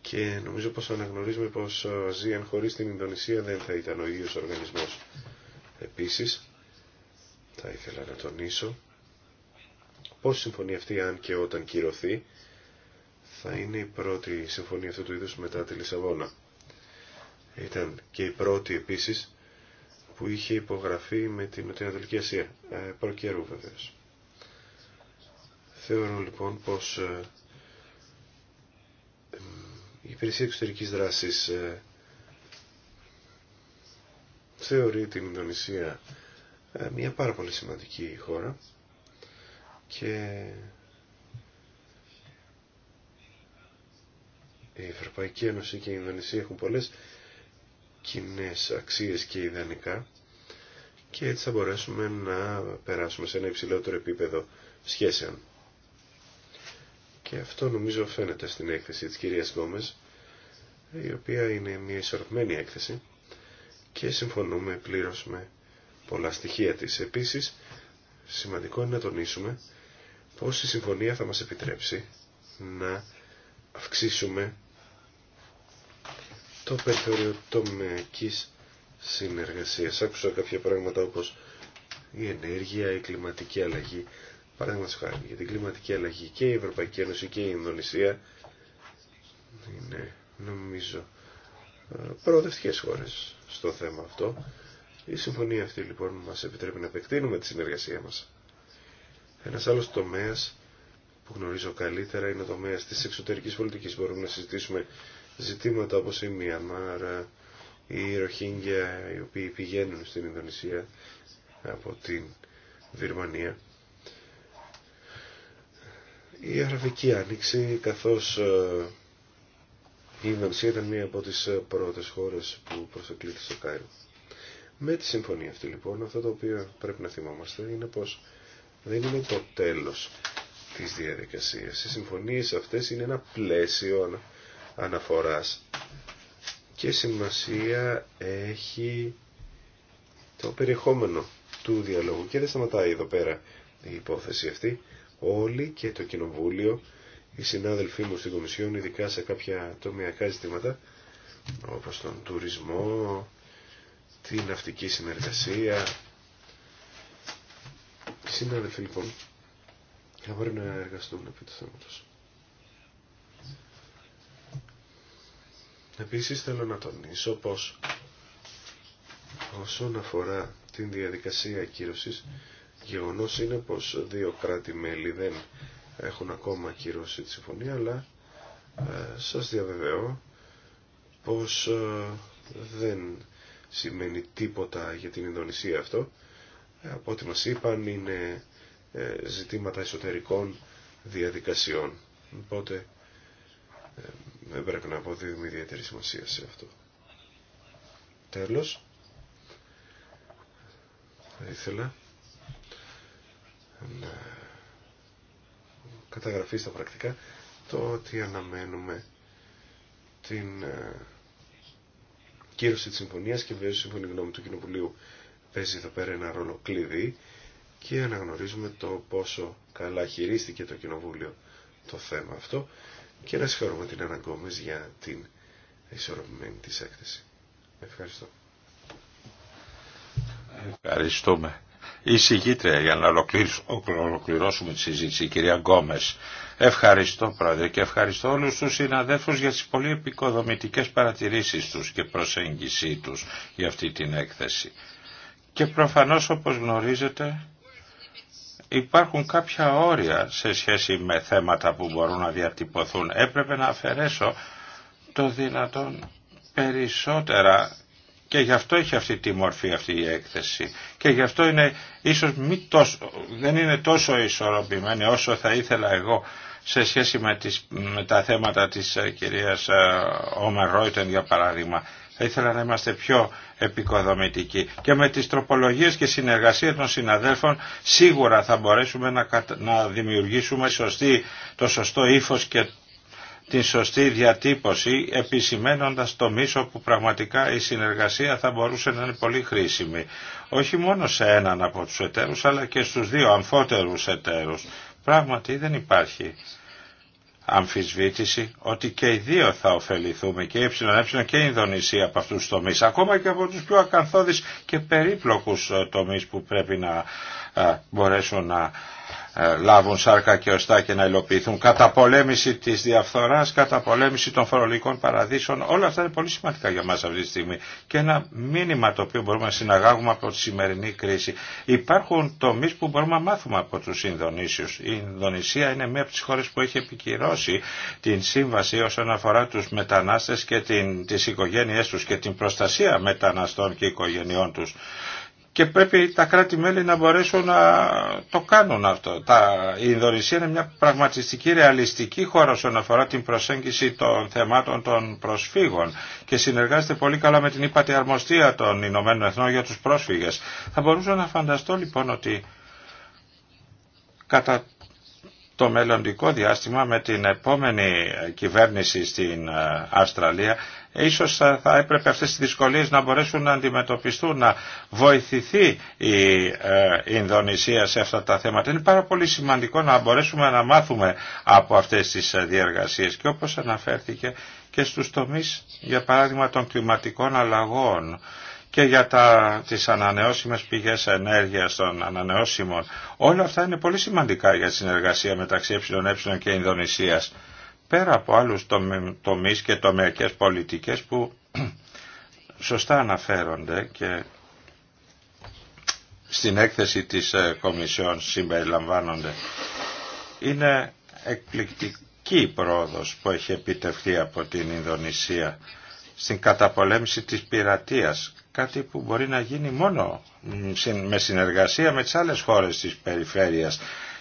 και νομίζω πως αναγνωρίζουμε πως ο Αζίαν χωρίς την Ινδονησία δεν θα ήταν ο ίδιος οργανισμός. Επίσης, θα ήθελα να τονίσω πως η συμφωνία αυτή αν και όταν κυρωθεί θα είναι η πρώτη συμφωνία αυτού του είδου μετά τη Λισαβόνα. Ήταν και η πρώτη επίσης που είχε υπογραφεί με την Νοτιοανατολική Ασία, ε, προκαιρού βεβαίως. Θεωρώ λοιπόν πως ε, η υπηρεσία εξωτερικής δράσης ε, θεωρεί την Ινδονησία μια πάρα πολύ σημαντική χώρα και η Ευρωπαϊκή Ένωση και η Ινδονησία έχουν πολλές κοινέ αξίες και ιδανικά και έτσι θα μπορέσουμε να περάσουμε σε ένα υψηλότερο επίπεδο σχέσεων. Και αυτό νομίζω φαίνεται στην έκθεση της κυρίας Γκόμες, η οποία είναι μια ισορροπημένη έκθεση και συμφωνούμε πλήρως με πολλά στοιχεία της. Επίσης, σημαντικό είναι να τονίσουμε πως η συμφωνία θα μας επιτρέψει να αυξήσουμε το περιθώριο τομεακής συνεργασίας. Άκουσα κάποια πράγματα όπως η ενέργεια, η κλιματική αλλαγή. Παράδειγμα χάρη για την κλιματική αλλαγή και η Ευρωπαϊκή Ένωση και η Ινδονησία είναι νομίζω προοδευτικές χώρες στο θέμα αυτό. Η συμφωνία αυτή λοιπόν μας επιτρέπει να επεκτείνουμε τη συνεργασία μας. Ένας άλλος τομέας που γνωρίζω καλύτερα είναι ο τομέας της εξωτερικής πολιτικής. Μπορούμε να συζητήσουμε ζητήματα όπως η Μιαμάρ, οι Ροχίνγκια οι οποίοι πηγαίνουν στην Ινδονησία από την Βυρμανία. Η Αραβική Άνοιξη καθώς ε, η Ινδονησία ήταν μία από τις ε, πρώτες χώρες που προσεκλήθησε στο Κάιρο. Με τη συμφωνία αυτή λοιπόν αυτό το οποίο πρέπει να θυμόμαστε είναι πως δεν είναι το τέλος της διαδικασίας. Οι συμφωνίες αυτές είναι ένα πλαίσιο αναφοράς και σημασία έχει το περιεχόμενο του διαλόγου και δεν σταματάει εδώ πέρα η υπόθεση αυτή. Όλοι και το Κοινοβούλιο, οι συνάδελφοί μου στην Κομισιόν, ειδικά σε κάποια τομιακά ζητήματα, όπως τον τουρισμό, την ναυτική συνεργασία. Οι συνάδελφοι λοιπόν θα μπορεί να εργαστούν επί του θέματος. Επίσης θέλω να τονίσω πως όσον αφορά την διαδικασία ακύρωσης, γεγονός είναι πως δύο κράτη-μέλη δεν έχουν ακόμα ακυρώσει τη συμφωνία, αλλά ε, σας διαβεβαιώ πως ε, δεν σημαίνει τίποτα για την Ινδονησία αυτό. Ε, από ό,τι μας είπαν είναι ζητήματα εσωτερικών διαδικασιών. Οπότε δεν πρέπει να αποδίδουμε ιδιαίτερη σημασία σε αυτό. Τέλος, θα ήθελα να καταγραφεί στα πρακτικά το ότι αναμένουμε την ε, κύρωση της συμφωνίας και βέβαια η σύμφωνη γνώμη του Κοινοβουλίου παίζει εδώ πέρα ένα ρόλο κλειδί και αναγνωρίζουμε το πόσο καλά χειρίστηκε το Κοινοβούλιο το θέμα αυτό και να συγχωρούμε την Αναγκόμες για την ισορροπημένη της έκθεση. Ευχαριστώ. Ευχαριστούμε. Η για να ολοκληρώσουμε τη συζήτηση, η κυρία Γκόμες. Ευχαριστώ πρόεδρε και ευχαριστώ όλους τους συναδέλφους για τις πολύ επικοδομητικές παρατηρήσεις τους και προσέγγιση τους για αυτή την έκθεση. Και προφανώς όπως γνωρίζετε υπάρχουν κάποια όρια σε σχέση με θέματα που μπορούν να διατυπωθούν. Έπρεπε να αφαιρέσω το δυνατόν περισσότερα και γι' αυτό έχει αυτή τη μορφή αυτή η έκθεση. Και γι' αυτό είναι, ίσως μη δεν είναι τόσο ισορροπημένη όσο θα ήθελα εγώ σε σχέση με, τις, με τα θέματα της ε, κυρίας Όμερ Ρόιτεν για παράδειγμα. Θα ήθελα να είμαστε πιο επικοδομητικοί. Και με τις τροπολογίες και συνεργασία των συναδέλφων σίγουρα θα μπορέσουμε να, να δημιουργήσουμε σωστή, το σωστό ύφος και την σωστή διατύπωση επισημένοντας το μίσο που πραγματικά η συνεργασία θα μπορούσε να είναι πολύ χρήσιμη. Όχι μόνο σε έναν από τους εταίρους αλλά και στους δύο αμφότερους εταίρους. Πράγματι δεν υπάρχει αμφισβήτηση ότι και οι δύο θα ωφεληθούμε και η ΕΕ και η Ινδονησία από αυτούς τους τομείς ακόμα και από τους πιο ακαθόδεις και περίπλοκους ε, τομείς που πρέπει να ε, μπορέσουν να ε, λάβουν σάρκα και οστά και να υλοποιηθούν. κατά τη της διαφθοράς, πολέμηση των φορολογικών παραδείσων, όλα αυτά είναι πολύ σημαντικά για μας αυτή τη στιγμή. Και ένα μήνυμα το οποίο μπορούμε να συναγάγουμε από τη σημερινή κρίση. Υπάρχουν τομείς που μπορούμε να μάθουμε από τους Ινδονήσιους. Η Ινδονησία είναι μία από τις χώρες που έχει επικυρώσει την σύμβαση όσον αφορά τους μετανάστες και τι τις οικογένειές τους και την προστασία μεταναστών και οικογενειών του και πρέπει τα κράτη-μέλη να μπορέσουν να το κάνουν αυτό. Τα, η Ινδονησία είναι μια πραγματιστική ρεαλιστική χώρα όσον αφορά την προσέγγιση των θεμάτων των προσφύγων και συνεργάζεται πολύ καλά με την ύπατη αρμοστία των Ηνωμένων Εθνών για τους πρόσφυγες. Θα μπορούσα να φανταστώ λοιπόν ότι κατά το μελλοντικό διάστημα με την επόμενη κυβέρνηση στην ε, Αυστραλία ίσως θα έπρεπε αυτές τις δυσκολίες να μπορέσουν να αντιμετωπιστούν, να βοηθηθεί η ε, Ινδονησία σε αυτά τα θέματα. Είναι πάρα πολύ σημαντικό να μπορέσουμε να μάθουμε από αυτές τις ε, διεργασίες και όπως αναφέρθηκε και στους τομείς, για παράδειγμα, των κλιματικών αλλαγών και για τα, τις ανανεώσιμες πηγές ενέργειας των ανανεώσιμων. Όλα αυτά είναι πολύ σημαντικά για τη συνεργασία μεταξύ ΕΕ και Ινδονησίας. Πέρα από άλλους τομείς και τομεακές πολιτικές που *clears throat* σωστά αναφέρονται και στην έκθεση της ε, Κομισιόν συμπεριλαμβάνονται. Είναι εκπληκτική η πρόοδος που έχει επιτευχθεί από την Ινδονησία στην καταπολέμηση της πειρατείας κάτι που μπορεί να γίνει μόνο με συνεργασία με τις άλλες χώρες της περιφέρειας.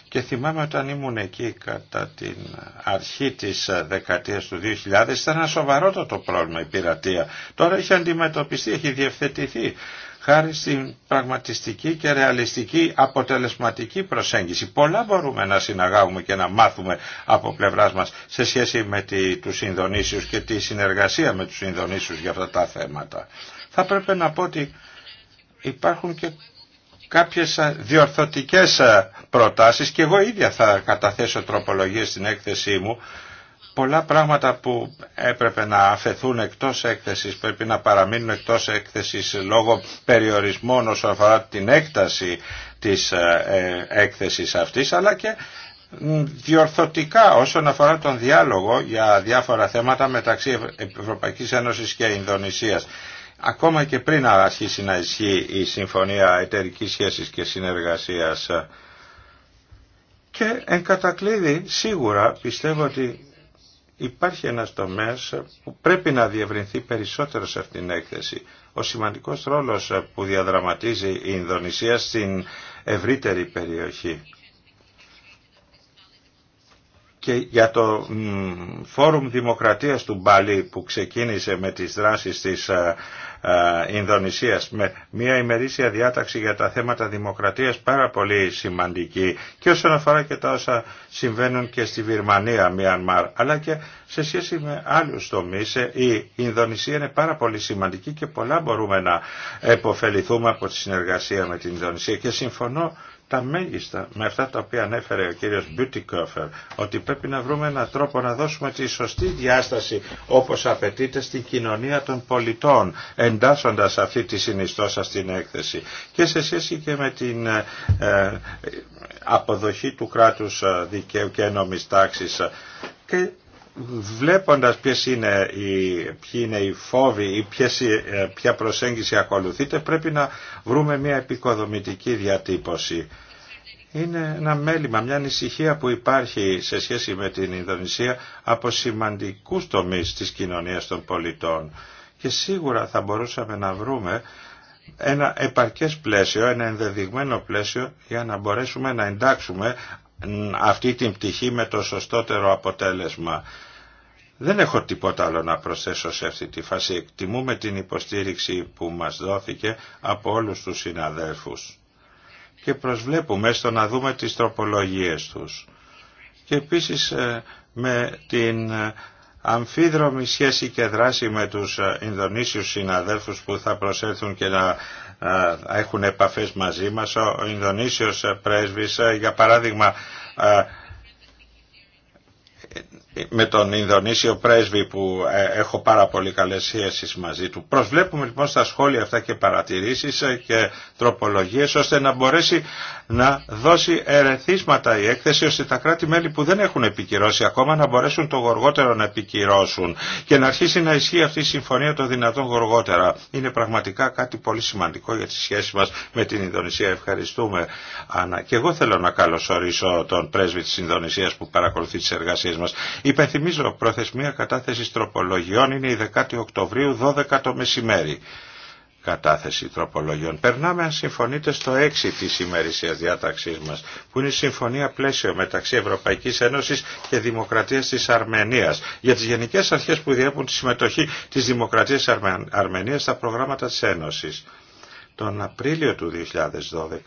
Και θυμάμαι όταν ήμουν εκεί κατά την αρχή της ε, δεκαετίας του 2000 ήταν ένα σοβαρότατο πρόβλημα η πειρατεία. Τώρα έχει αντιμετωπιστεί, έχει διευθετηθεί χάρη στην πραγματιστική και ρεαλιστική αποτελεσματική προσέγγιση. Πολλά μπορούμε να συναγάγουμε και να μάθουμε από πλευράς μας σε σχέση με τη, τους Ινδονήσιους και τη συνεργασία με τους Ινδονήσιους για αυτά τα θέματα. Θα πρέπει να πω ότι υπάρχουν και κάποιες διορθωτικές προτάσεις και εγώ ίδια θα καταθέσω τροπολογίες στην έκθεσή μου. Πολλά πράγματα που έπρεπε να αφαιθούν εκτός έκθεσης, πρέπει να παραμείνουν εκτός έκθεσης λόγω περιορισμών όσον αφορά την έκταση της ε, έκθεσης αυτής, αλλά και διορθωτικά όσον αφορά τον διάλογο για διάφορα θέματα μεταξύ Ευρωπαϊκής Ένωσης και Ινδονησίας ακόμα και πριν αρχίσει να ισχύει η Συμφωνία Εταιρικής Σχέσης και Συνεργασίας. Και εν κατακλείδη σίγουρα πιστεύω ότι υπάρχει ένας τομέας που πρέπει να διευρυνθεί περισσότερο σε αυτήν την έκθεση. Ο σημαντικός ρόλος που διαδραματίζει η Ινδονησία στην ευρύτερη περιοχή και για το Φόρουμ Δημοκρατίας του Μπαλί που ξεκίνησε με τις δράσεις της ε, ε, Ινδονησίας με μια ημερήσια διάταξη για τα θέματα δημοκρατίας πάρα πολύ σημαντική και όσον αφορά και τα όσα συμβαίνουν και στη Βυρμανία, Μιανμάρ αλλά και σε σχέση με άλλους τομείς ε, η Ινδονησία είναι πάρα πολύ σημαντική και πολλά μπορούμε να επωφεληθούμε από τη συνεργασία με την Ινδονησία και συμφωνώ τα μέγιστα με αυτά τα οποία ανέφερε ο κύριος Μπιουτικόφερ ότι πρέπει να βρούμε έναν τρόπο να δώσουμε τη σωστή διάσταση όπως απαιτείται στην κοινωνία των πολιτών εντάσσοντας αυτή τη συνιστόσα στην έκθεση και σε σχέση και με την ε, ε, αποδοχή του κράτους ε, δικαίου και ένομης τάξης και βλέποντας ποιες είναι οι, ποιοι είναι οι φόβοι ή ε, ποια προσέγγιση ακολουθείτε πρέπει να βρούμε μια επικοδομητική διατύπωση. Είναι ένα μέλημα, μια ανησυχία που υπάρχει σε σχέση με την Ινδονησία από σημαντικούς τομείς της κοινωνίας των πολιτών. Και σίγουρα θα μπορούσαμε να βρούμε ένα επαρκές πλαίσιο, ένα ενδεδειγμένο πλαίσιο για να μπορέσουμε να εντάξουμε αυτή την πτυχή με το σωστότερο αποτέλεσμα. Δεν έχω τίποτα άλλο να προσθέσω σε αυτή τη φάση. Εκτιμούμε την υποστήριξη που μας δόθηκε από όλους τους συναδέλφους και προσβλέπουμε στο να δούμε τις τροπολογίες τους. Και επίσης ε, με την ε, αμφίδρομη σχέση και δράση με τους ε, Ινδονήσιους συναδέλφους που θα προσέλθουν και να έχουν επαφές μαζί μας. Ο Ινδονήσιος πρέσβης, για παράδειγμα, με τον Ινδονήσιο πρέσβη που ε, έχω πάρα πολύ καλές σχέσεις μαζί του. Προσβλέπουμε λοιπόν στα σχόλια αυτά και παρατηρήσεις ε, και τροπολογίες ώστε να μπορέσει να δώσει ερεθίσματα η έκθεση ώστε τα κράτη-μέλη που δεν έχουν επικυρώσει ακόμα να μπορέσουν το γοργότερο να επικυρώσουν και να αρχίσει να ισχύει αυτή η συμφωνία το δυνατόν γοργότερα. Είναι πραγματικά κάτι πολύ σημαντικό για τη σχέση μας με την Ινδονησία. Ευχαριστούμε. Άννα. Και εγώ θέλω να καλωσορίσω τον πρέσβη της Ινδονησίας που παρακολουθεί τις εργασίες μας. Υπενθυμίζω προθεσμία κατάθεσης τροπολογιών είναι η 10 Οκτωβρίου 12 το μεσημέρι κατάθεση τροπολογιών. Περνάμε αν συμφωνείτε στο 6 της ημερησίας διάταξής μας που είναι η συμφωνία πλαίσιο μεταξύ Ευρωπαϊκής Ένωσης και Δημοκρατίας της Αρμενίας για τις γενικές αρχές που διέπουν τη συμμετοχή της Δημοκρατίας της Αρμενίας στα προγράμματα της Ένωσης. Τον Απρίλιο του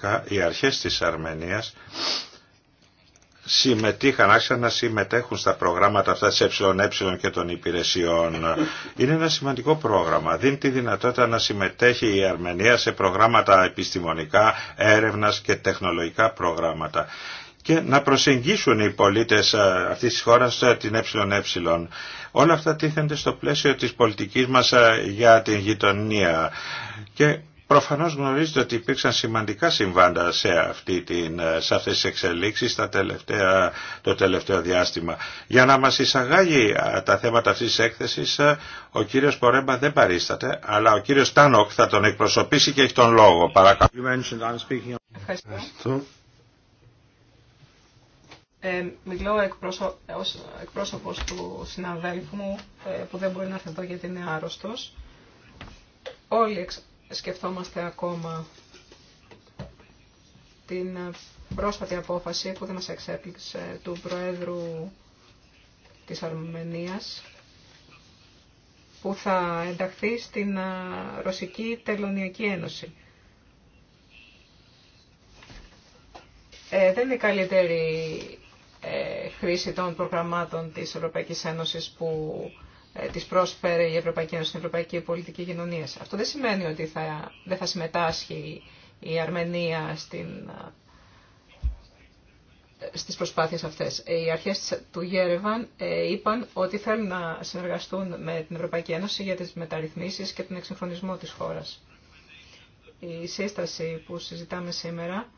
2012 οι αρχές της Αρμενίας συμμετείχαν, άρχισαν να συμμετέχουν στα προγράμματα αυτά της ΕΕ και των υπηρεσιών. Είναι ένα σημαντικό πρόγραμμα. Δίνει τη δυνατότητα να συμμετέχει η Αρμενία σε προγράμματα επιστημονικά, έρευνας και τεχνολογικά προγράμματα και να προσεγγίσουν οι πολίτες ε, αυτής της χώρας ε, την ΕΕ. Όλα αυτά τίθενται στο πλαίσιο της πολιτικής μας ε, για την γειτονία. Και Προφανώς γνωρίζετε ότι υπήρξαν σημαντικά συμβάντα σε, αυτή την, ε, σε αυτές τις εξελίξεις τα τελευταία, το τελευταίο διάστημα. Για να μας εισαγάγει τα θέματα αυτής της έκθεσης, ε, ο κύριος Πορέμπα δεν παρίσταται, αλλά ο κύριος Τάνοκ θα τον εκπροσωπήσει και έχει τον λόγο. Παρακαλώ. Ευχαριστώ. Ε, μιλώ εκπρόσω, ως εκπρόσωπος του συναδέλφου μου ε, που δεν μπορεί να έρθει εδώ γιατί είναι άρρωστος. Όλοι σκεφτόμαστε ακόμα την πρόσφατη απόφαση που δεν μας εξέπληξε του Προέδρου της Αρμενίας που θα ενταχθεί στην Ρωσική Τελωνιακή Ένωση. Ε, δεν είναι η καλύτερη ε, χρήση των προγραμμάτων της Ευρωπαϊκής Ένωσης που ε, τις πρόσφερε η Ευρωπαϊκή Ένωση στην Ευρωπαϊκή Πολιτική Κοινωνία. Αυτό δεν σημαίνει ότι θα, δεν θα συμμετάσχει η Αρμενία στην, ε, στις προσπάθειες αυτές. Ε, οι αρχές του Γέρεβαν είπαν ότι θέλουν να συνεργαστούν με την Ευρωπαϊκή Ένωση για τις μεταρρυθμίσεις και τον εξυγχρονισμό της χώρας. Η σύσταση που συζητάμε σήμερα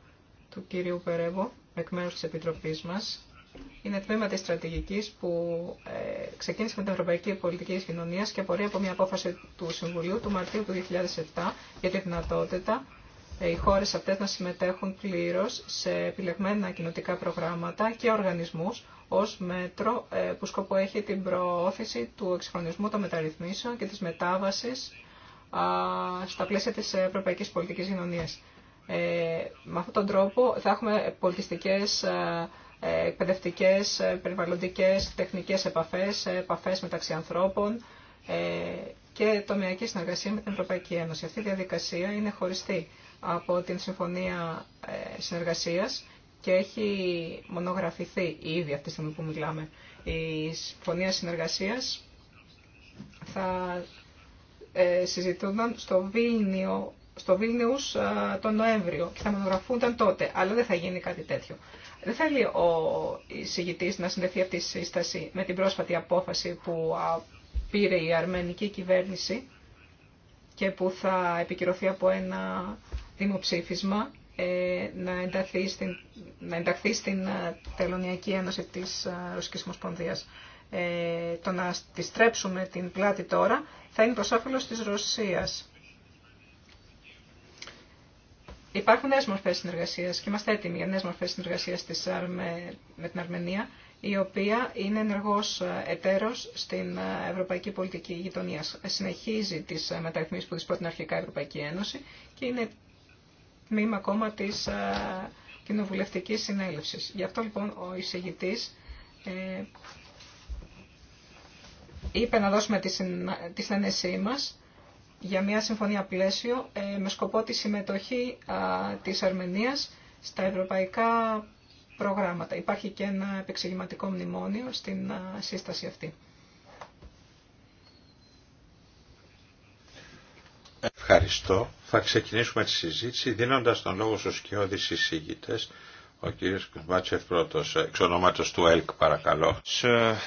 του κυρίου Περέβο, εκ μέρους της Επιτροπής μας, είναι τμήμα της στρατηγικής που ε, ξεκίνησε με την Ευρωπαϊκή Πολιτική Κοινωνία και απορρέει από μια απόφαση του Συμβουλίου του Μαρτίου του 2007 για τη δυνατότητα ε, οι χώρε αυτέ να συμμετέχουν πλήρω σε επιλεγμένα κοινοτικά προγράμματα και οργανισμού ω μέτρο ε, που σκοπό έχει την προώθηση του εξυγχρονισμού των μεταρρυθμίσεων και τη μετάβαση στα πλαίσια της Ευρωπαϊκής Πολιτικής Ε, Με αυτόν τον τρόπο θα έχουμε πολιτιστικέ εκπαιδευτικέ, ε, περιβαλλοντικές, τεχνικές επαφές, ε, επαφές μεταξύ ανθρώπων ε, και τομιακή συνεργασία με την Ευρωπαϊκή Ένωση. Αυτή η διαδικασία είναι χωριστή από την Συμφωνία Συνεργασίας και έχει μονογραφηθεί ήδη αυτή τη στιγμή που μιλάμε. Η Συμφωνία Συνεργασίας θα συζητούνταν στο Βίλνιο στο Βίλνιους τον Νοέμβριο και θα μονογραφούνταν τότε, αλλά δεν θα γίνει κάτι τέτοιο. Δεν θέλει ο εισηγητής να συνδεθεί αυτή η σύσταση με την πρόσφατη απόφαση που πήρε η αρμενική κυβέρνηση και που θα επικυρωθεί από ένα δημοψήφισμα ε, να, ενταχθεί στην, να στην ε, Τελωνιακή Ένωση της ε, Ρωσικής Ομοσπονδίας. Ε, το να τη στρέψουμε την πλάτη τώρα θα είναι προς όφελος της Ρωσίας. Υπάρχουν νέε μορφέ συνεργασία και είμαστε έτοιμοι για νέε μορφέ συνεργασία με την Αρμενία, η οποία είναι ενεργό ε, εταίρο στην ε, ευρωπαϊκή πολιτική γειτονία. Συνεχίζει τι ε, μεταρρυθμίσει που τη πρότεινε αρχικά η Ευρωπαϊκή Ένωση και είναι τμήμα ακόμα τη κοινοβουλευτική συνέλευση. Γι' αυτό λοιπόν ο εισηγητή είπε να δώσουμε τη συνένεσή μας για μια συμφωνία πλαίσιο ε, με σκοπό τη συμμετοχή της Αρμενίας στα ευρωπαϊκά προγράμματα. Υπάρχει και ένα επεξηγηματικό μνημόνιο στην σύσταση αυτή. Ευχαριστώ. Θα ξεκινήσουμε τη συζήτηση δίνοντας τον λόγο στους σκιώδεις εισηγητές. Ο κύριος Κουσμάτσεφ πρώτος, εξ ονόματος του ΕΛΚ παρακαλώ. Σε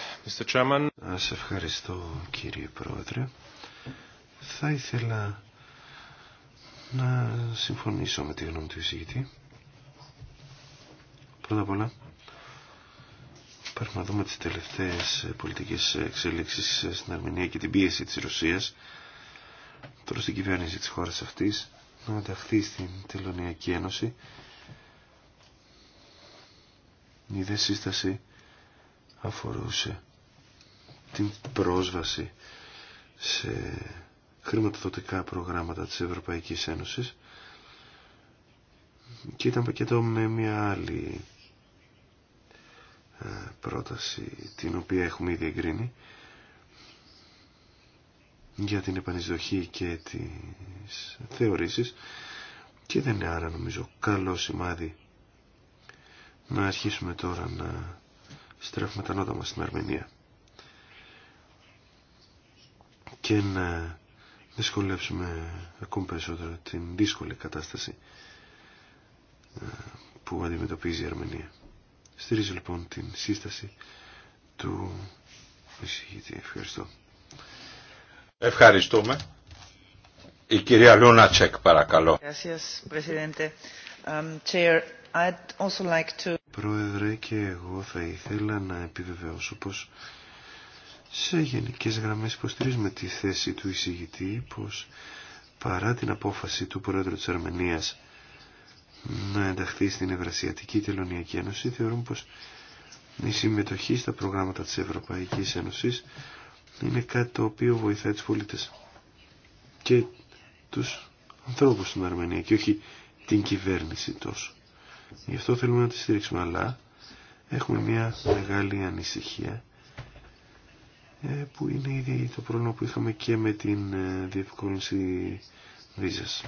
ευχαριστώ κύριε Πρόεδρε. Θα ήθελα να συμφωνήσω με τη γνώμη του εισηγητή. Πρώτα απ' όλα, πρέπει να δούμε τις τελευταίες πολιτικές εξέλιξεις στην Αρμενία και την πίεση της Ρωσίας τώρα στην κυβέρνηση της χώρας αυτής να ενταχθεί στην Τελωνιακή Ένωση η δε σύσταση αφορούσε την πρόσβαση σε χρηματοδοτικά προγράμματα της Ευρωπαϊκής Ένωσης και ήταν πακέτο με μια άλλη ε, πρόταση την οποία έχουμε ήδη εγκρίνει για την επανεισδοχή και τις θεωρήσεις και δεν είναι άρα νομίζω καλό σημάδι να αρχίσουμε τώρα να στρέφουμε τα νότα μας στην Αρμενία και να δυσκολεύσουμε ακόμη περισσότερο την δύσκολη κατάσταση ε, που αντιμετωπίζει η Αρμενία. Στηρίζω λοιπόν την σύσταση του εισηγητή. Ευχαριστώ. Ευχαριστούμε. Η κυρία Λούνα Τσεκ παρακαλώ. Um, Πρόεδρε και εγώ θα ήθελα να επιβεβαιώσω πως σε γενικές γραμμές υποστηρίζουμε τη θέση του εισηγητή πως παρά την απόφαση του Πρόεδρου της Αρμενίας να ενταχθεί στην Ευρασιατική Τελωνιακή Ένωση θεωρούμε πως η συμμετοχή στα προγράμματα της Ευρωπαϊκής Ένωσης είναι κάτι το οποίο βοηθάει τους πολίτες και τους ανθρώπους στην Αρμενία και όχι την κυβέρνηση τόσο. Γι' αυτό θέλουμε να τη στηρίξουμε αλλά έχουμε μια μεγάλη ανησυχία ε, που είναι ήδη το πρόβλημα που είχαμε και με την ε, διευκόλυνση βίζας.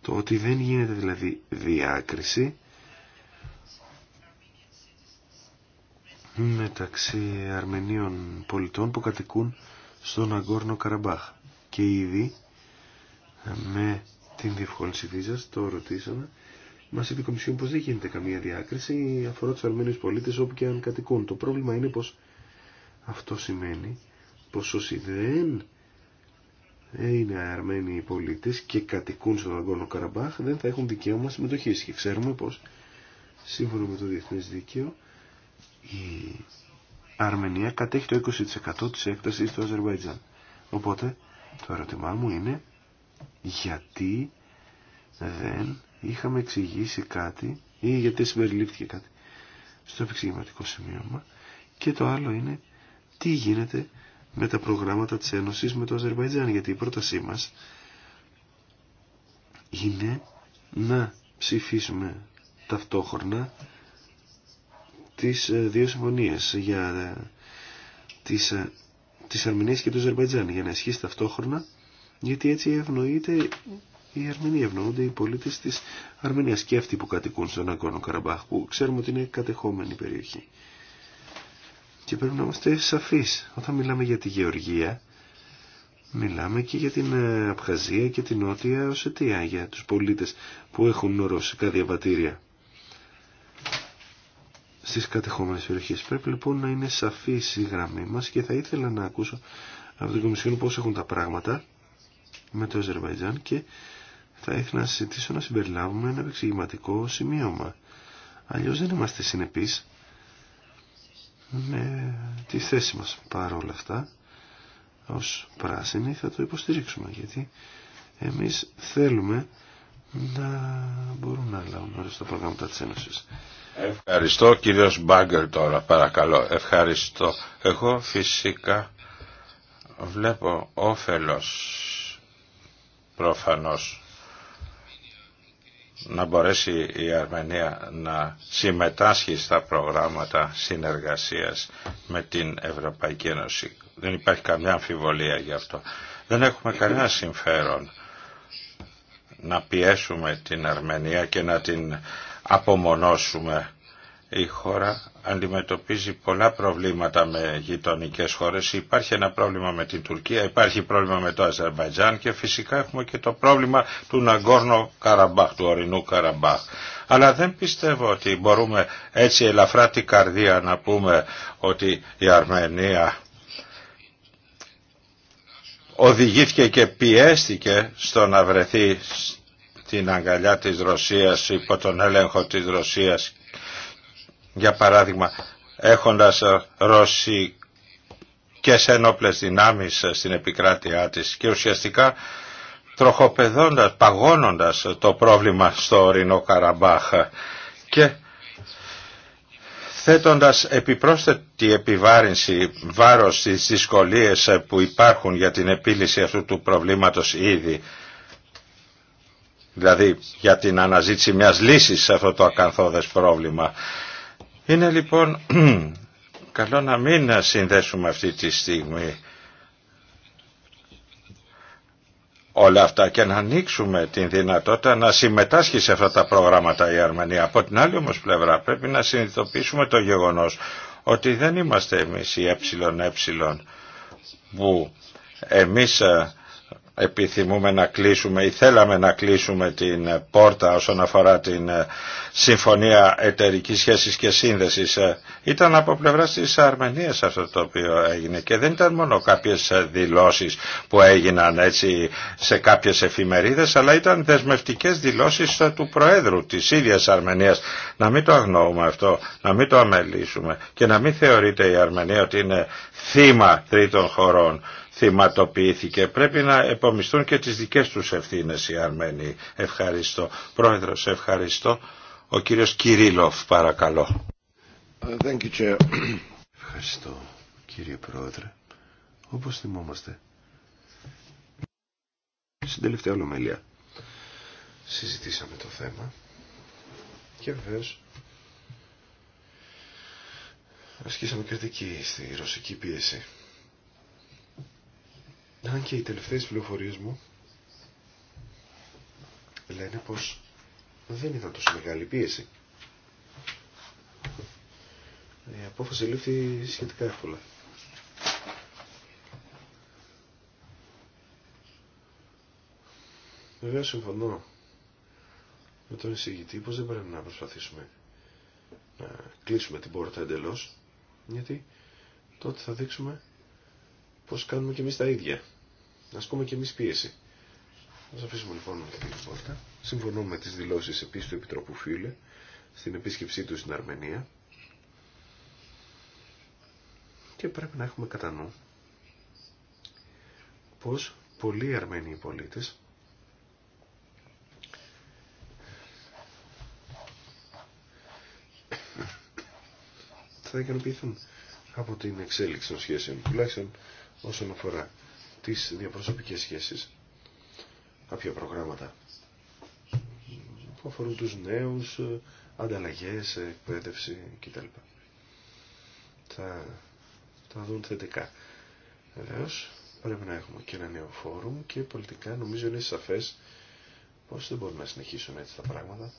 Το ότι δεν γίνεται δηλαδή διάκριση μεταξύ Αρμενίων πολιτών που κατοικούν στον Αγκόρνο Καραμπάχ. Και ήδη ε, με την διευκόλυνση βίζας το ρωτήσαμε Μα είπε η Κομισιόν πω δεν γίνεται καμία διάκριση αφορά του Αρμένιου πολίτε όπου και αν κατοικούν. Το πρόβλημα είναι πω αυτό σημαίνει πως όσοι δεν είναι Αρμένοι οι πολίτες και κατοικούν στον Αγκόνο Καραμπάχ δεν θα έχουν δικαίωμα συμμετοχής και ξέρουμε πως σύμφωνα με το διεθνές δίκαιο η Αρμενία κατέχει το 20% της έκτασης του Αζερβαϊτζάν. Οπότε το ερώτημά μου είναι γιατί δεν είχαμε εξηγήσει κάτι ή γιατί συμπεριλήφθηκε κάτι στο επεξηγηματικό σημείωμα και το άλλο είναι τι γίνεται με τα προγράμματα της Ένωσης με το Αζερβαϊτζάν, γιατί η πρότασή μας είναι να ψηφίσουμε ταυτόχρονα τις ε, δύο συμφωνίες για ε, τις, ε, τις και το Αζερβαϊτζάν για να ισχύσει ταυτόχρονα γιατί έτσι ευνοείται οι Αρμενοί, ευνοούνται οι πολίτες της Αρμενίας και αυτοί που κατοικούν στον Αγκόνο Καραμπάχ που ξέρουμε ότι είναι κατεχόμενη περιοχή. Και πρέπει να είμαστε σαφείς. Όταν μιλάμε για τη Γεωργία, μιλάμε και για την ε, Απχαζία και την Νότια Οσετία, για τους πολίτες που έχουν ρωσικά διαβατήρια στις κατεχόμενες περιοχές. Πρέπει λοιπόν να είναι σαφής η γραμμή μας και θα ήθελα να ακούσω από την Κομισιόν πώς έχουν τα πράγματα με το Αζερβαϊτζάν και θα ήθελα να συζητήσω να συμπεριλάβουμε ένα επεξηγηματικό σημείωμα. Αλλιώς δεν είμαστε συνεπείς με τη θέση μας παρόλα αυτά ως πράσινοι θα το υποστηρίξουμε γιατί εμείς θέλουμε να μπορούν να λάβουν όλες τα προγράμματα της Ένωσης. Ευχαριστώ κύριος Μπάγκερ τώρα παρακαλώ. Ευχαριστώ. Εγώ φυσικά βλέπω όφελος προφανώς να μπορέσει η Αρμενία να συμμετάσχει στα προγράμματα συνεργασίας με την Ευρωπαϊκή Ένωση. Δεν υπάρχει καμιά αμφιβολία γι' αυτό. Δεν έχουμε κανένα συμφέρον να πιέσουμε την Αρμενία και να την απομονώσουμε η χώρα αντιμετωπίζει πολλά προβλήματα με γειτονικέ χώρες. Υπάρχει ένα πρόβλημα με την Τουρκία, υπάρχει πρόβλημα με το Αζερβαϊτζάν και φυσικά έχουμε και το πρόβλημα του Ναγκόρνο Καραμπάχ, του ορεινού Καραμπάχ. Αλλά δεν πιστεύω ότι μπορούμε έτσι ελαφρά την καρδία να πούμε ότι η Αρμενία οδηγήθηκε και πιέστηκε στο να βρεθεί την αγκαλιά της Ρωσίας υπό τον έλεγχο της Ρωσίας για παράδειγμα έχοντας ε, ρωσικές ένοπλες δυνάμεις ε, στην επικράτειά της και ουσιαστικά τροχοπεδώντας, παγώνοντας ε, το πρόβλημα στο ορεινό Καραμπάχ και θέτοντας επιπρόσθετη επιβάρυνση βάρος στις δυσκολίες που υπάρχουν για την επίλυση αυτού του προβλήματος ήδη δηλαδή για την αναζήτηση μιας λύσης σε αυτό το ακαθόδες πρόβλημα είναι λοιπόν *clears throat* καλό να μην συνδέσουμε αυτή τη στιγμή όλα αυτά και να ανοίξουμε την δυνατότητα να συμμετάσχει σε αυτά τα προγράμματα η Αρμενία. Από την άλλη όμως πλευρά πρέπει να συνειδητοποιήσουμε το γεγονός ότι δεν είμαστε εμείς οι ΕΕ που εμείς ε, επιθυμούμε να κλείσουμε ή θέλαμε να κλείσουμε την πόρτα όσον αφορά την ε, Συμφωνία Εταιρικής Σχέσης και Σύνδεσης ε, ήταν από πλευράς της Αρμενίας αυτό το οποίο έγινε και δεν ήταν μόνο κάποιες ε, δηλώσεις που έγιναν έτσι σε κάποιες εφημερίδες αλλά ήταν δεσμευτικές δηλώσεις του Προέδρου της ίδιας Αρμενίας να μην το αγνοούμε αυτό, να μην το αμελήσουμε και να μην θεωρείται η Αρμενία ότι είναι θύμα τρίτων χωρών θυματοποιήθηκε. Πρέπει να επομιστούν και τις δικές τους ευθύνες οι Αρμένοι. Ευχαριστώ. Πρόεδρος, ευχαριστώ. Ο κύριος Κυρίλοφ, παρακαλώ. Uh, thank you, Chair. *coughs* Ευχαριστώ, κύριε Πρόεδρε. Όπως θυμόμαστε, στην τελευταία ολομέλεια συζητήσαμε το θέμα και βεβαίως ασκήσαμε κριτική στη ρωσική πίεση. Αν και οι τελευταίες πληροφορίες μου λένε πως δεν ήταν τόσο μεγάλη πίεση. Η απόφαση λήφθη σχετικά εύκολα. Βέβαια συμφωνώ με τον εισηγητή πως δεν πρέπει να προσπαθήσουμε να κλείσουμε την πόρτα εντελώς γιατί τότε θα δείξουμε πως κάνουμε και εμείς τα ίδια. Να ασκούμε και εμεί πίεση. Α αφήσουμε λοιπόν αυτή την πόρτα. Συμφωνούμε με τις δηλώσεις επίσης του Επιτροπού Φίλε στην επίσκεψή του στην Αρμενία. Και πρέπει να έχουμε κατά νου πως πολλοί αρμένοι πολίτες θα ικανοποιηθούν από την εξέλιξη των σχέσεων, τουλάχιστον όσον αφορά τις διαπροσωπικές σχέσεις, κάποια προγράμματα που αφορούν τους νέους, ανταλλαγές, εκπαίδευση κτλ. Θα τα δουν θετικά. Βεβαίω πρέπει να έχουμε και ένα νέο φόρουμ και πολιτικά νομίζω είναι σαφές πως δεν μπορούμε να συνεχίσουμε έτσι τα πράγματα.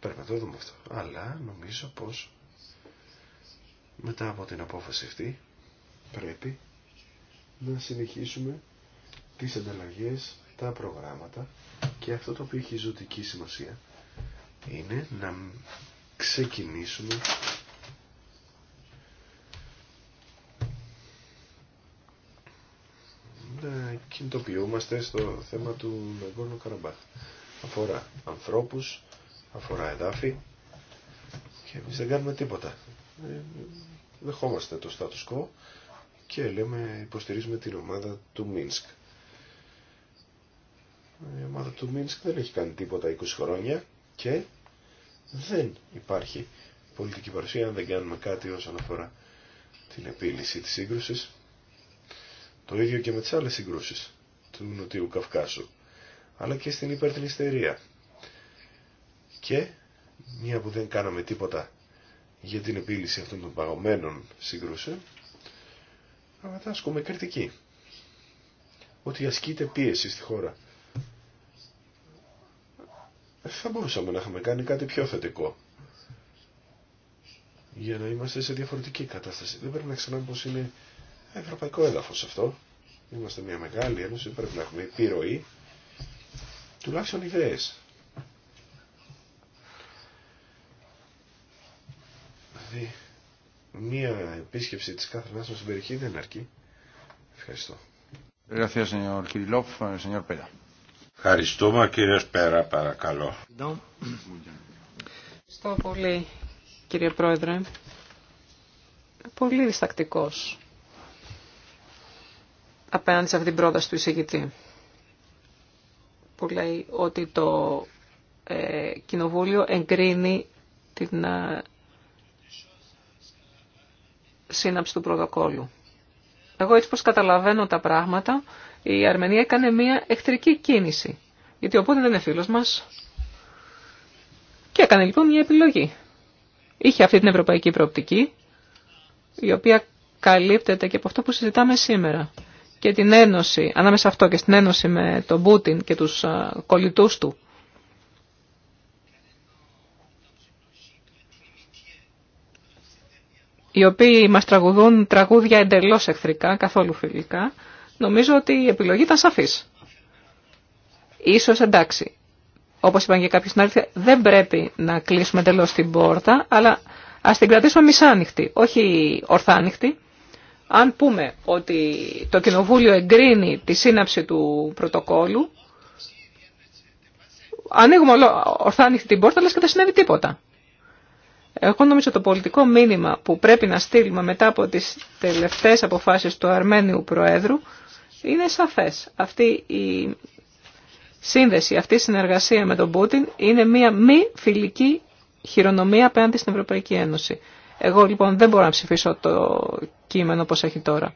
Πρέπει να το δούμε αυτό. Αλλά νομίζω πως μετά από την απόφαση αυτή πρέπει να συνεχίσουμε τις ανταλλαγές, τα προγράμματα και αυτό το οποίο έχει ζωτική σημασία είναι να ξεκινήσουμε να κινητοποιούμαστε στο θέμα του μεγόρνο Καραμπάχ. Αφορά ανθρώπους, αφορά εδάφη και εμείς δεν κάνουμε τίποτα. Ε, δεχόμαστε το status quo και λέμε υποστηρίζουμε την ομάδα του Μίνσκ. Η ομάδα του Μίνσκ δεν έχει κάνει τίποτα 20 χρόνια και δεν υπάρχει πολιτική παρουσία αν δεν κάνουμε κάτι όσον αφορά την επίλυση της σύγκρουσης. Το ίδιο και με τις άλλες συγκρούσεις του Νοτιού Καυκάσου, αλλά και στην υπερθυνιστερία. Και, μία που δεν κάναμε τίποτα για την επίλυση αυτών των παγωμένων συγκρούσεων, αλλά μετά ασκούμε κριτική. Ότι ασκείται πίεση στη χώρα. Θα μπορούσαμε να είχαμε κάνει κάτι πιο θετικό. Για να είμαστε σε διαφορετική κατάσταση. Δεν πρέπει να ξεχνάμε πως είναι ευρωπαϊκό έδαφος αυτό. Είμαστε μια μεγάλη ένωση, πρέπει να έχουμε επιρροή, τουλάχιστον ιδέες. Δηλαδή, μία επίσκεψη της κάθε μας στην περιοχή δεν αρκεί. Ευχαριστώ. Ευχαριστούμε κύριε Πέρα, παρακαλώ. Ευχαριστώ πολύ κύριε Πρόεδρε. Πολύ διστακτικός απέναντι σε αυτή την πρόταση του εισηγητή που λέει ότι το ε, Κοινοβούλιο εγκρίνει την ε, σύναψη του πρωτοκόλλου. Εγώ έτσι πως καταλαβαίνω τα πράγματα, η Αρμενία έκανε μια εχθρική κίνηση. Γιατί ο Πούτιν δεν είναι φίλος μας. Και έκανε λοιπόν μια επιλογή. Είχε αυτή την ευρωπαϊκή προοπτική, η οποία καλύπτεται και από αυτό που συζητάμε σήμερα. Και την ένωση, ανάμεσα αυτό και στην ένωση με τον Πούτιν και τους κολλητούς του, οι οποίοι μας τραγουδούν τραγούδια εντελώς εχθρικά, καθόλου φιλικά, νομίζω ότι η επιλογή ήταν σαφής. Ίσως εντάξει, όπως είπαν και κάποιοι συνάδελφοι, δεν πρέπει να κλείσουμε εντελώ την πόρτα, αλλά ας την κρατήσουμε μισάνοιχτη, όχι ορθάνοιχτη. Αν πούμε ότι το Κοινοβούλιο εγκρίνει τη σύναψη του πρωτοκόλου, ανοίγουμε ορθάνοιχτη την πόρτα, αλλά και δεν συνέβη τίποτα. Εγώ νομίζω το πολιτικό μήνυμα που πρέπει να στείλουμε μετά από τις τελευταίες αποφάσεις του Αρμένιου Προέδρου είναι σαφές. Αυτή η σύνδεση, αυτή η συνεργασία με τον Πούτιν είναι μια μη φιλική χειρονομία απέναντι στην Ευρωπαϊκή Ένωση. Εγώ λοιπόν δεν μπορώ να ψηφίσω το κείμενο όπως έχει τώρα.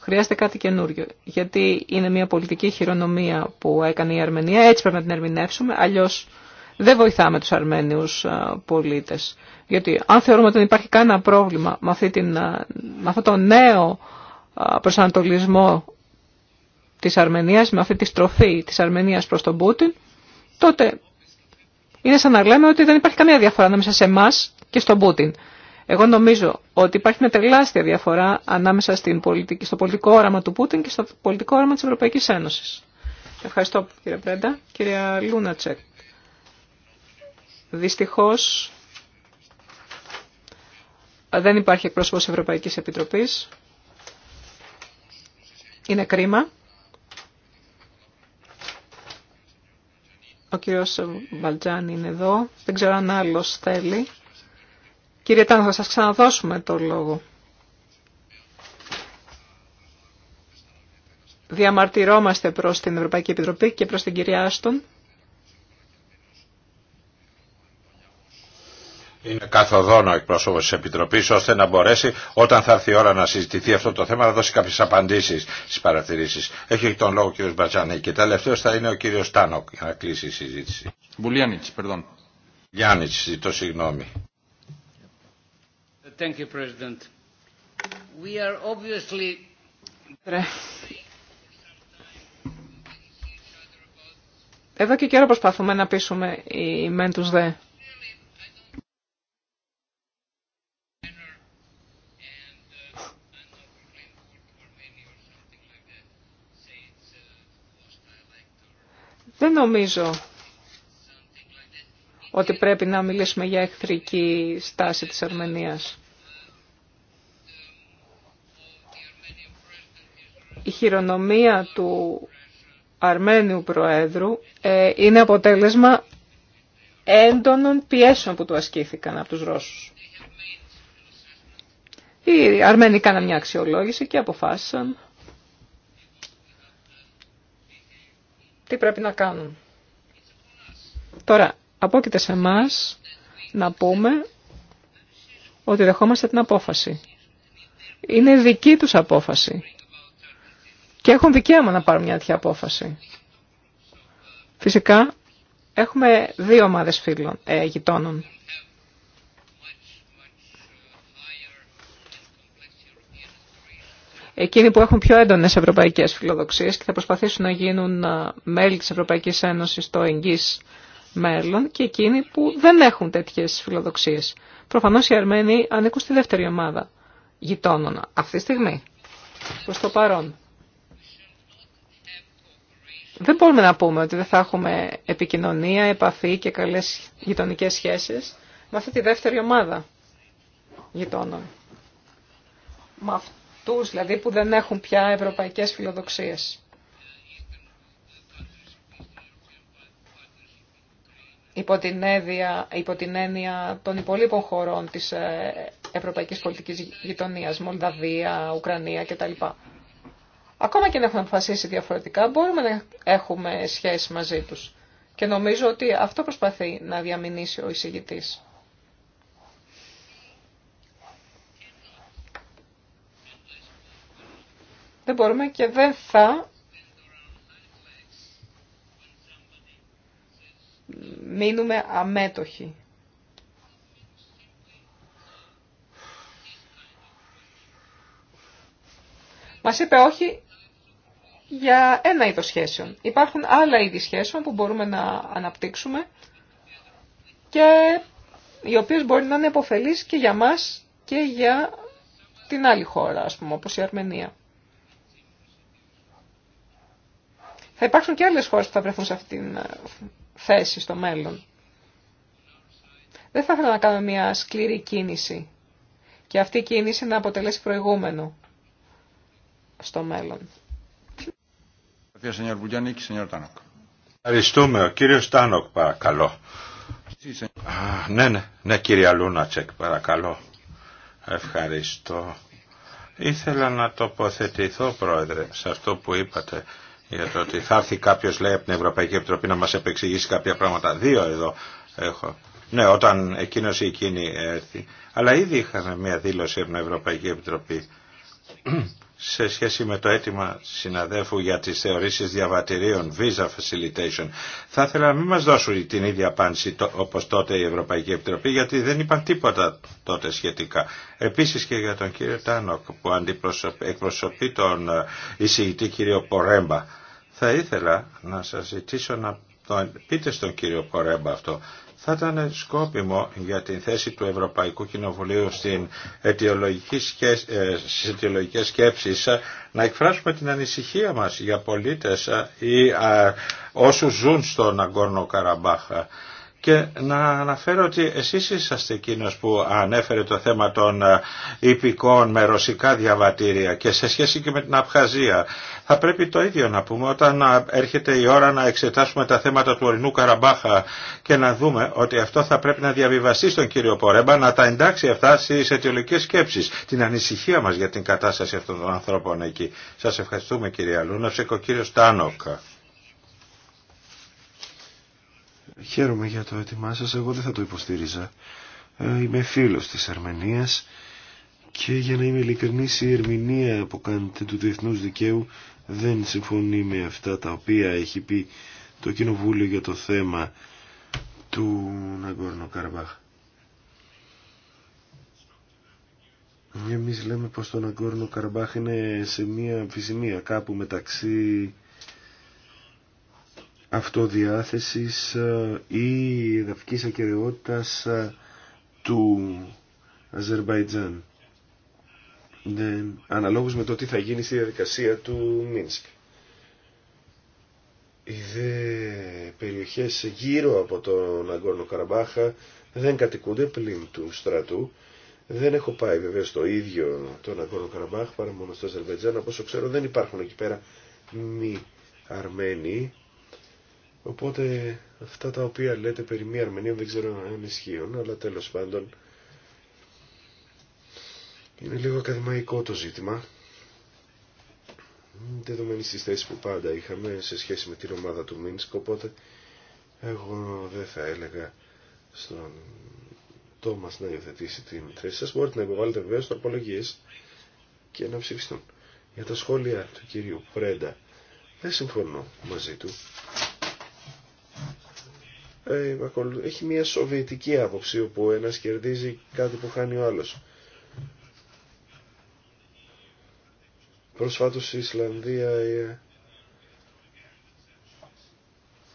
Χρειάζεται κάτι καινούριο, γιατί είναι μια πολιτική χειρονομία που έκανε η Αρμενία, έτσι πρέπει να την ερμηνεύσουμε, αλλιώς δεν βοηθάμε τους Αρμένιους ε, πολίτες. Γιατί αν θεωρούμε ότι δεν υπάρχει κανένα πρόβλημα με, την, ε, με αυτό το νέο ε, προσανατολισμό της Αρμενίας, με αυτή τη στροφή της Αρμενίας προς τον Πούτιν, τότε είναι σαν να λέμε ότι δεν υπάρχει καμία διαφορά ανάμεσα σε εμά και στον Πούτιν. Εγώ νομίζω ότι υπάρχει μια τεράστια διαφορά ανάμεσα στην πολιτική, στο πολιτικό όραμα του Πούτιν και στο πολιτικό όραμα της Ευρωπαϊκής Ένωσης. Ευχαριστώ κύριε Πρέντα. Κυρία Λούνατσεκ. Δυστυχώς δεν υπάρχει εκπρόσωπος Ευρωπαϊκής Επιτροπής. Είναι κρίμα. Ο κύριος Βαλτζάν είναι εδώ. Δεν ξέρω αν άλλος θέλει. Κύριε Τάνο, θα σας ξαναδώσουμε το λόγο. Διαμαρτυρόμαστε προς την Ευρωπαϊκή Επιτροπή και προς την κυρία Άστον. είναι καθοδόν ο εκπρόσωπος της Επιτροπής ώστε να μπορέσει όταν θα έρθει η ώρα να συζητηθεί αυτό το θέμα να δώσει κάποιες απαντήσεις στις παρατηρήσεις. Έχει τον λόγο ο κύριος Μπατζανή και τελευταίο θα είναι ο κύριος Τάνοκ για να κλείσει η συζήτηση. Μπουλιάνιτς, περδόν. ζητώ συγγνώμη. Εδώ και καιρό προσπαθούμε να πείσουμε οι μεν τους δε Δεν νομίζω ότι πρέπει να μιλήσουμε για εχθρική στάση της Αρμενίας. Η χειρονομία του Αρμένιου Προέδρου ε, είναι αποτέλεσμα έντονων πιέσεων που του ασκήθηκαν από τους Ρώσους. Οι Αρμένοι κάναν μια αξιολόγηση και αποφάσισαν τι πρέπει να κάνουν. Τώρα, απόκειται σε εμά να πούμε ότι δεχόμαστε την απόφαση. Είναι δική τους απόφαση. Και έχουν δικαίωμα να πάρουν μια τέτοια απόφαση. Φυσικά, έχουμε δύο ομάδες φίλων, ε, γειτόνων. εκείνοι που έχουν πιο έντονες ευρωπαϊκές φιλοδοξίες και θα προσπαθήσουν να γίνουν ε, μέλη της Ευρωπαϊκής Ένωσης στο εγγύς μέλλον και εκείνοι που δεν έχουν τέτοιες φιλοδοξίες. Προφανώς οι Αρμένοι ανήκουν στη δεύτερη ομάδα γειτόνων αυτή τη στιγμή, προς το παρόν. Δεν μπορούμε να πούμε ότι δεν θα έχουμε επικοινωνία, επαφή και καλές γειτονικές σχέσεις με αυτή τη δεύτερη ομάδα γειτόνων. Με αυτούς δηλαδή που δεν έχουν πια ευρωπαϊκές φιλοδοξίες. Υπό την, έννοια, υπό την έννοια των υπολείπων χωρών της ε, ευρωπαϊκής πολιτικής γειτονίας, Μολδαβία, Ουκρανία κτλ. Ακόμα και να έχουν αποφασίσει διαφορετικά, μπορούμε να έχουμε σχέση μαζί τους. Και νομίζω ότι αυτό προσπαθεί να διαμηνήσει ο εισηγητής. δεν μπορούμε και δεν θα μείνουμε αμέτωχοι. Μα είπε όχι για ένα είδος σχέσεων. Υπάρχουν άλλα είδη σχέσεων που μπορούμε να αναπτύξουμε και οι οποίες μπορεί να είναι επωφελείς και για μας και για την άλλη χώρα, ας πούμε, όπως η Αρμενία. Θα υπάρξουν και άλλες χώρες που θα βρεθούν σε αυτήν ε, θέση στο μέλλον. Δεν θα ήθελα να κάνουμε μια σκληρή κίνηση και αυτή η κίνηση να αποτελέσει προηγούμενο στο μέλλον. Ευχαριστούμε. Ο κύριος Τάνοκ παρακαλώ. ναι, ναι, ναι κύριε Λούνατσεκ παρακαλώ. Ευχαριστώ. Ήθελα να τοποθετηθώ πρόεδρε σε αυτό που είπατε για το ότι θα έρθει κάποιος λέει από την Ευρωπαϊκή Επιτροπή να μας επεξηγήσει κάποια πράγματα. Δύο εδώ έχω. Ναι, όταν εκείνος ή εκείνη έρθει. Αλλά ήδη είχαμε μια δήλωση από την Ευρωπαϊκή Επιτροπή σε σχέση με το αίτημα συναδέφου για τις θεωρήσεις διαβατηρίων, visa facilitation, θα ήθελα να μην μας δώσουν την ίδια απάντηση όπως τότε η Ευρωπαϊκή Επιτροπή, γιατί δεν είπαν τίποτα τότε σχετικά. Επίσης και για τον κύριο Τάνοκ που εκπροσωπεί τον ε, εισηγητή κύριο Πορέμπα. Θα ήθελα να σας ζητήσω να πείτε στον κύριο Πορέμπα αυτό. Θα ήταν σκόπιμο για την θέση του Ευρωπαϊκού Κοινοβουλίου στην αιτιολογική σκέψη, ε, στις αιτιολογικές ε, να εκφράσουμε την ανησυχία μας για πολίτες ε, ή όσους ζουν στον Αγκόρνο Καραμπάχα και να αναφέρω ότι εσείς είσαστε εκείνος που ανέφερε το θέμα των ε, υπηκών με ρωσικά διαβατήρια και σε σχέση και με την Απχαζία. Θα πρέπει το ίδιο να πούμε όταν ε, έρχεται η ώρα να εξετάσουμε τα θέματα του ορεινού Καραμπάχα και να δούμε ότι αυτό θα πρέπει να διαβιβαστεί στον κύριο Πορέμπα να τα εντάξει αυτά στις αιτιολογικές σκέψεις. Την ανησυχία μας για την κατάσταση αυτών των ανθρώπων εκεί. Σας ευχαριστούμε κύριε Αλούνα. ο κύριο Τάνοκ. Χαίρομαι για το έτοιμά σας, εγώ δεν θα το υποστήριζα. Ε, είμαι φίλος της Αρμενίας και για να είμαι ειλικρινής η ερμηνεία που κάνετε του διεθνούς δικαίου δεν συμφωνεί με αυτά τα οποία έχει πει το Κοινοβούλιο για το θέμα του Ναγκόρνο Καρμπάχ. Εμεί λέμε πως το Ναγκόρνο Καρμπάχ είναι σε μία αμφισημία κάπου μεταξύ αυτοδιάθεσης ε, ή εδαφικής ακεραιότητας ε, του Αζερβαϊτζάν. Δεν, αναλόγως με το τι θα γίνει στη διαδικασία του Μίνσκ. Οι δε περιοχές γύρω από τον Αγκόρνο Καραμπάχα δεν κατοικούνται πλην του στρατού. Δεν έχω πάει βέβαια στο ίδιο τον Αγκόρνο Καραμπάχ παρά μόνο στο Αζερβαϊτζάν. Από όσο ξέρω δεν υπάρχουν εκεί πέρα μη Αρμένοι Οπότε αυτά τα οποία λέτε περί μία Αρμενία δεν ξέρω αν ισχύουν, αλλά τέλος πάντων είναι λίγο ακαδημαϊκό το ζήτημα. Δεδομένη στις θέσει που πάντα είχαμε σε σχέση με την ομάδα του Μίνσκ, οπότε εγώ δεν θα έλεγα στον Τόμας να υιοθετήσει την θέση σας. Μπορείτε να υποβάλλετε βεβαίως τροπολογίες και να ψηφιστούν. Για τα σχόλια του κυρίου Πρέντα δεν συμφωνώ μαζί του. Ε, έχει μια σοβιετική άποψη όπου ένας κερδίζει κάτι που χάνει ο άλλος. Προσφάτως η Ισλανδία ε,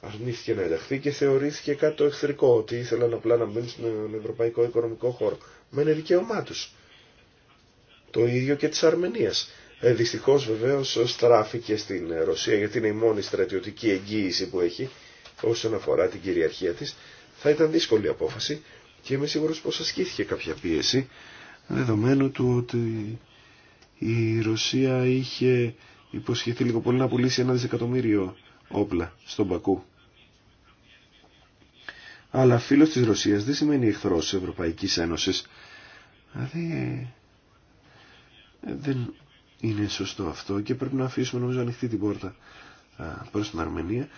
αρνήθηκε να ενταχθεί και θεωρήθηκε κάτι το εχθρικό, ότι ήθελαν απλά να μπουν στον ευρωπαϊκό οικονομικό χώρο. με είναι δικαίωμά του. Το ίδιο και της Αρμενίας. Ε, Δυστυχώ βεβαίω στράφηκε στην Ρωσία γιατί είναι η μόνη στρατιωτική εγγύηση που έχει όσον αφορά την κυριαρχία της θα ήταν δύσκολη απόφαση και είμαι σίγουρος πως ασκήθηκε κάποια πίεση δεδομένου του ότι η Ρωσία είχε υποσχεθεί λίγο πολύ να πουλήσει ένα δισεκατομμύριο όπλα στον Πακού. Αλλά φίλος της Ρωσίας δεν σημαίνει εχθρός της Ευρωπαϊκής Ένωσης. Δηλαδή δεν είναι σωστό αυτό και πρέπει να αφήσουμε νομίζω ανοιχτή την πόρτα ε, προς την Αρμενία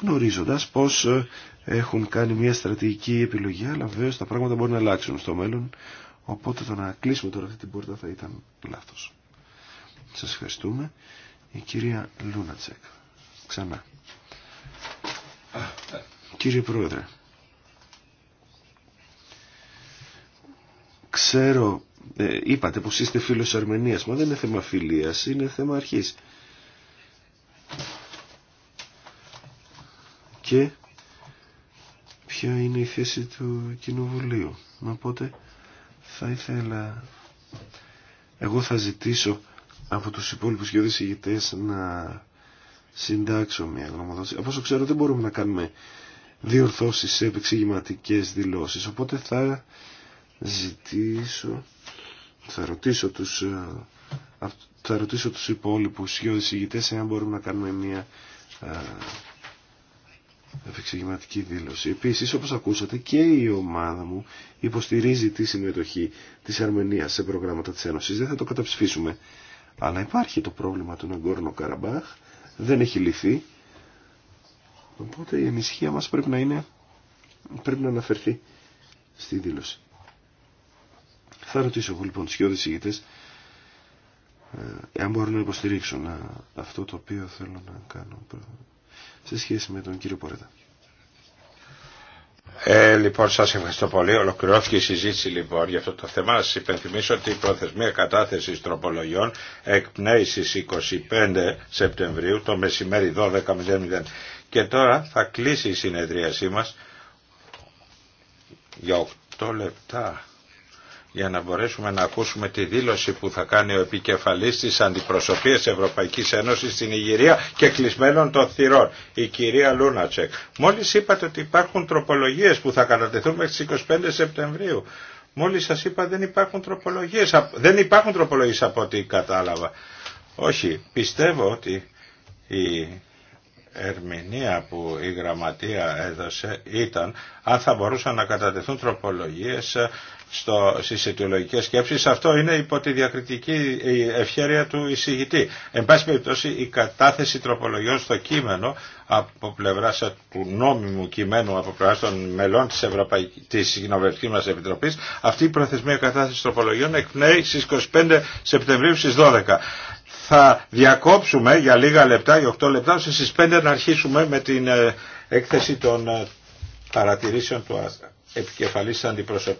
γνωρίζοντας πως ε, έχουν κάνει μια στρατηγική επιλογή, αλλά βέβαια τα πράγματα μπορεί να αλλάξουν στο μέλλον, οπότε το να κλείσουμε τώρα αυτή την πόρτα θα ήταν λάθος. Σας ευχαριστούμε. Η κυρία Λούνατσεκ. Ξανά. Κύριε Πρόεδρε, ξέρω, ε, είπατε πως είστε φίλος Αρμενίας, μα δεν είναι θέμα φιλίας, είναι θέμα αρχής. και ποια είναι η θέση του Κοινοβουλίου. Οπότε θα ήθελα, εγώ θα ζητήσω από τους υπόλοιπους και να συντάξω μια γνωμοδότηση. Από όσο ξέρω δεν μπορούμε να κάνουμε διορθώσεις σε επεξηγηματικές δηλώσεις. Οπότε θα ζητήσω, θα ρωτήσω τους, ε, θα ρωτήσω τους εάν μπορούμε να κάνουμε μια ε, αφεξηγηματική δήλωση. Επίσης, όπως ακούσατε, και η ομάδα μου υποστηρίζει τη συμμετοχή της Αρμενίας σε προγράμματα της Ένωσης. Δεν θα το καταψηφίσουμε. Αλλά υπάρχει το πρόβλημα του Ναγκόρνο Καραμπάχ, δεν έχει λυθεί. Οπότε η ανησυχία μας πρέπει να είναι, πρέπει να αναφερθεί στη δήλωση. Θα ρωτήσω εγώ λοιπόν τους κοιόδες ε, εάν μπορούν να υποστηρίξουν ε, αυτό το οποίο θέλω να κάνω σε σχέση με τον κύριο Πορέτα. Ε, λοιπόν, σας ευχαριστώ πολύ. Ολοκληρώθηκε η συζήτηση λοιπόν για αυτό το θέμα. Σας υπενθυμίσω ότι η προθεσμία κατάθεση τροπολογιών εκπνέει στις 25 Σεπτεμβρίου το μεσημέρι 12.00. Και τώρα θα κλείσει η συνεδρίασή μας για 8 λεπτά για να μπορέσουμε να ακούσουμε τη δήλωση που θα κάνει ο επικεφαλής της Αντιπροσωπείας Ευρωπαϊκής Ένωσης στην Ιγυρία και κλεισμένων των θυρών, η κυρία Λούνατσεκ. Μόλις είπατε ότι υπάρχουν τροπολογίες που θα κατατεθούν μέχρι τις 25 Σεπτεμβρίου. Μόλις σας είπα δεν υπάρχουν τροπολογίες, δεν υπάρχουν τροπολογίες από ό,τι κατάλαβα. Όχι, πιστεύω ότι η ερμηνεία που η γραμματεία έδωσε ήταν αν θα μπορούσαν να κατατεθούν τροπολογίες ε, στο, στις αιτιολογικές σκέψεις. Αυτό είναι υπό τη διακριτική ευχέρεια του εισηγητή. Εν πάση περιπτώσει η κατάθεση τροπολογιών στο κείμενο από πλευρά του νόμιμου κειμένου από πλευρά των μελών της, Ευρωπαϊκής, της Επιτροπής αυτή η προθεσμία κατάθεση τροπολογιών εκπνέει στις 25 Σεπτεμβρίου στις 12 θα διακόψουμε για λίγα λεπτά ή 8 λεπτά ώστε στις 5 να αρχίσουμε με την ε, έκθεση των ε, παρατηρήσεων του επικεφαλής αντιπροσωπή.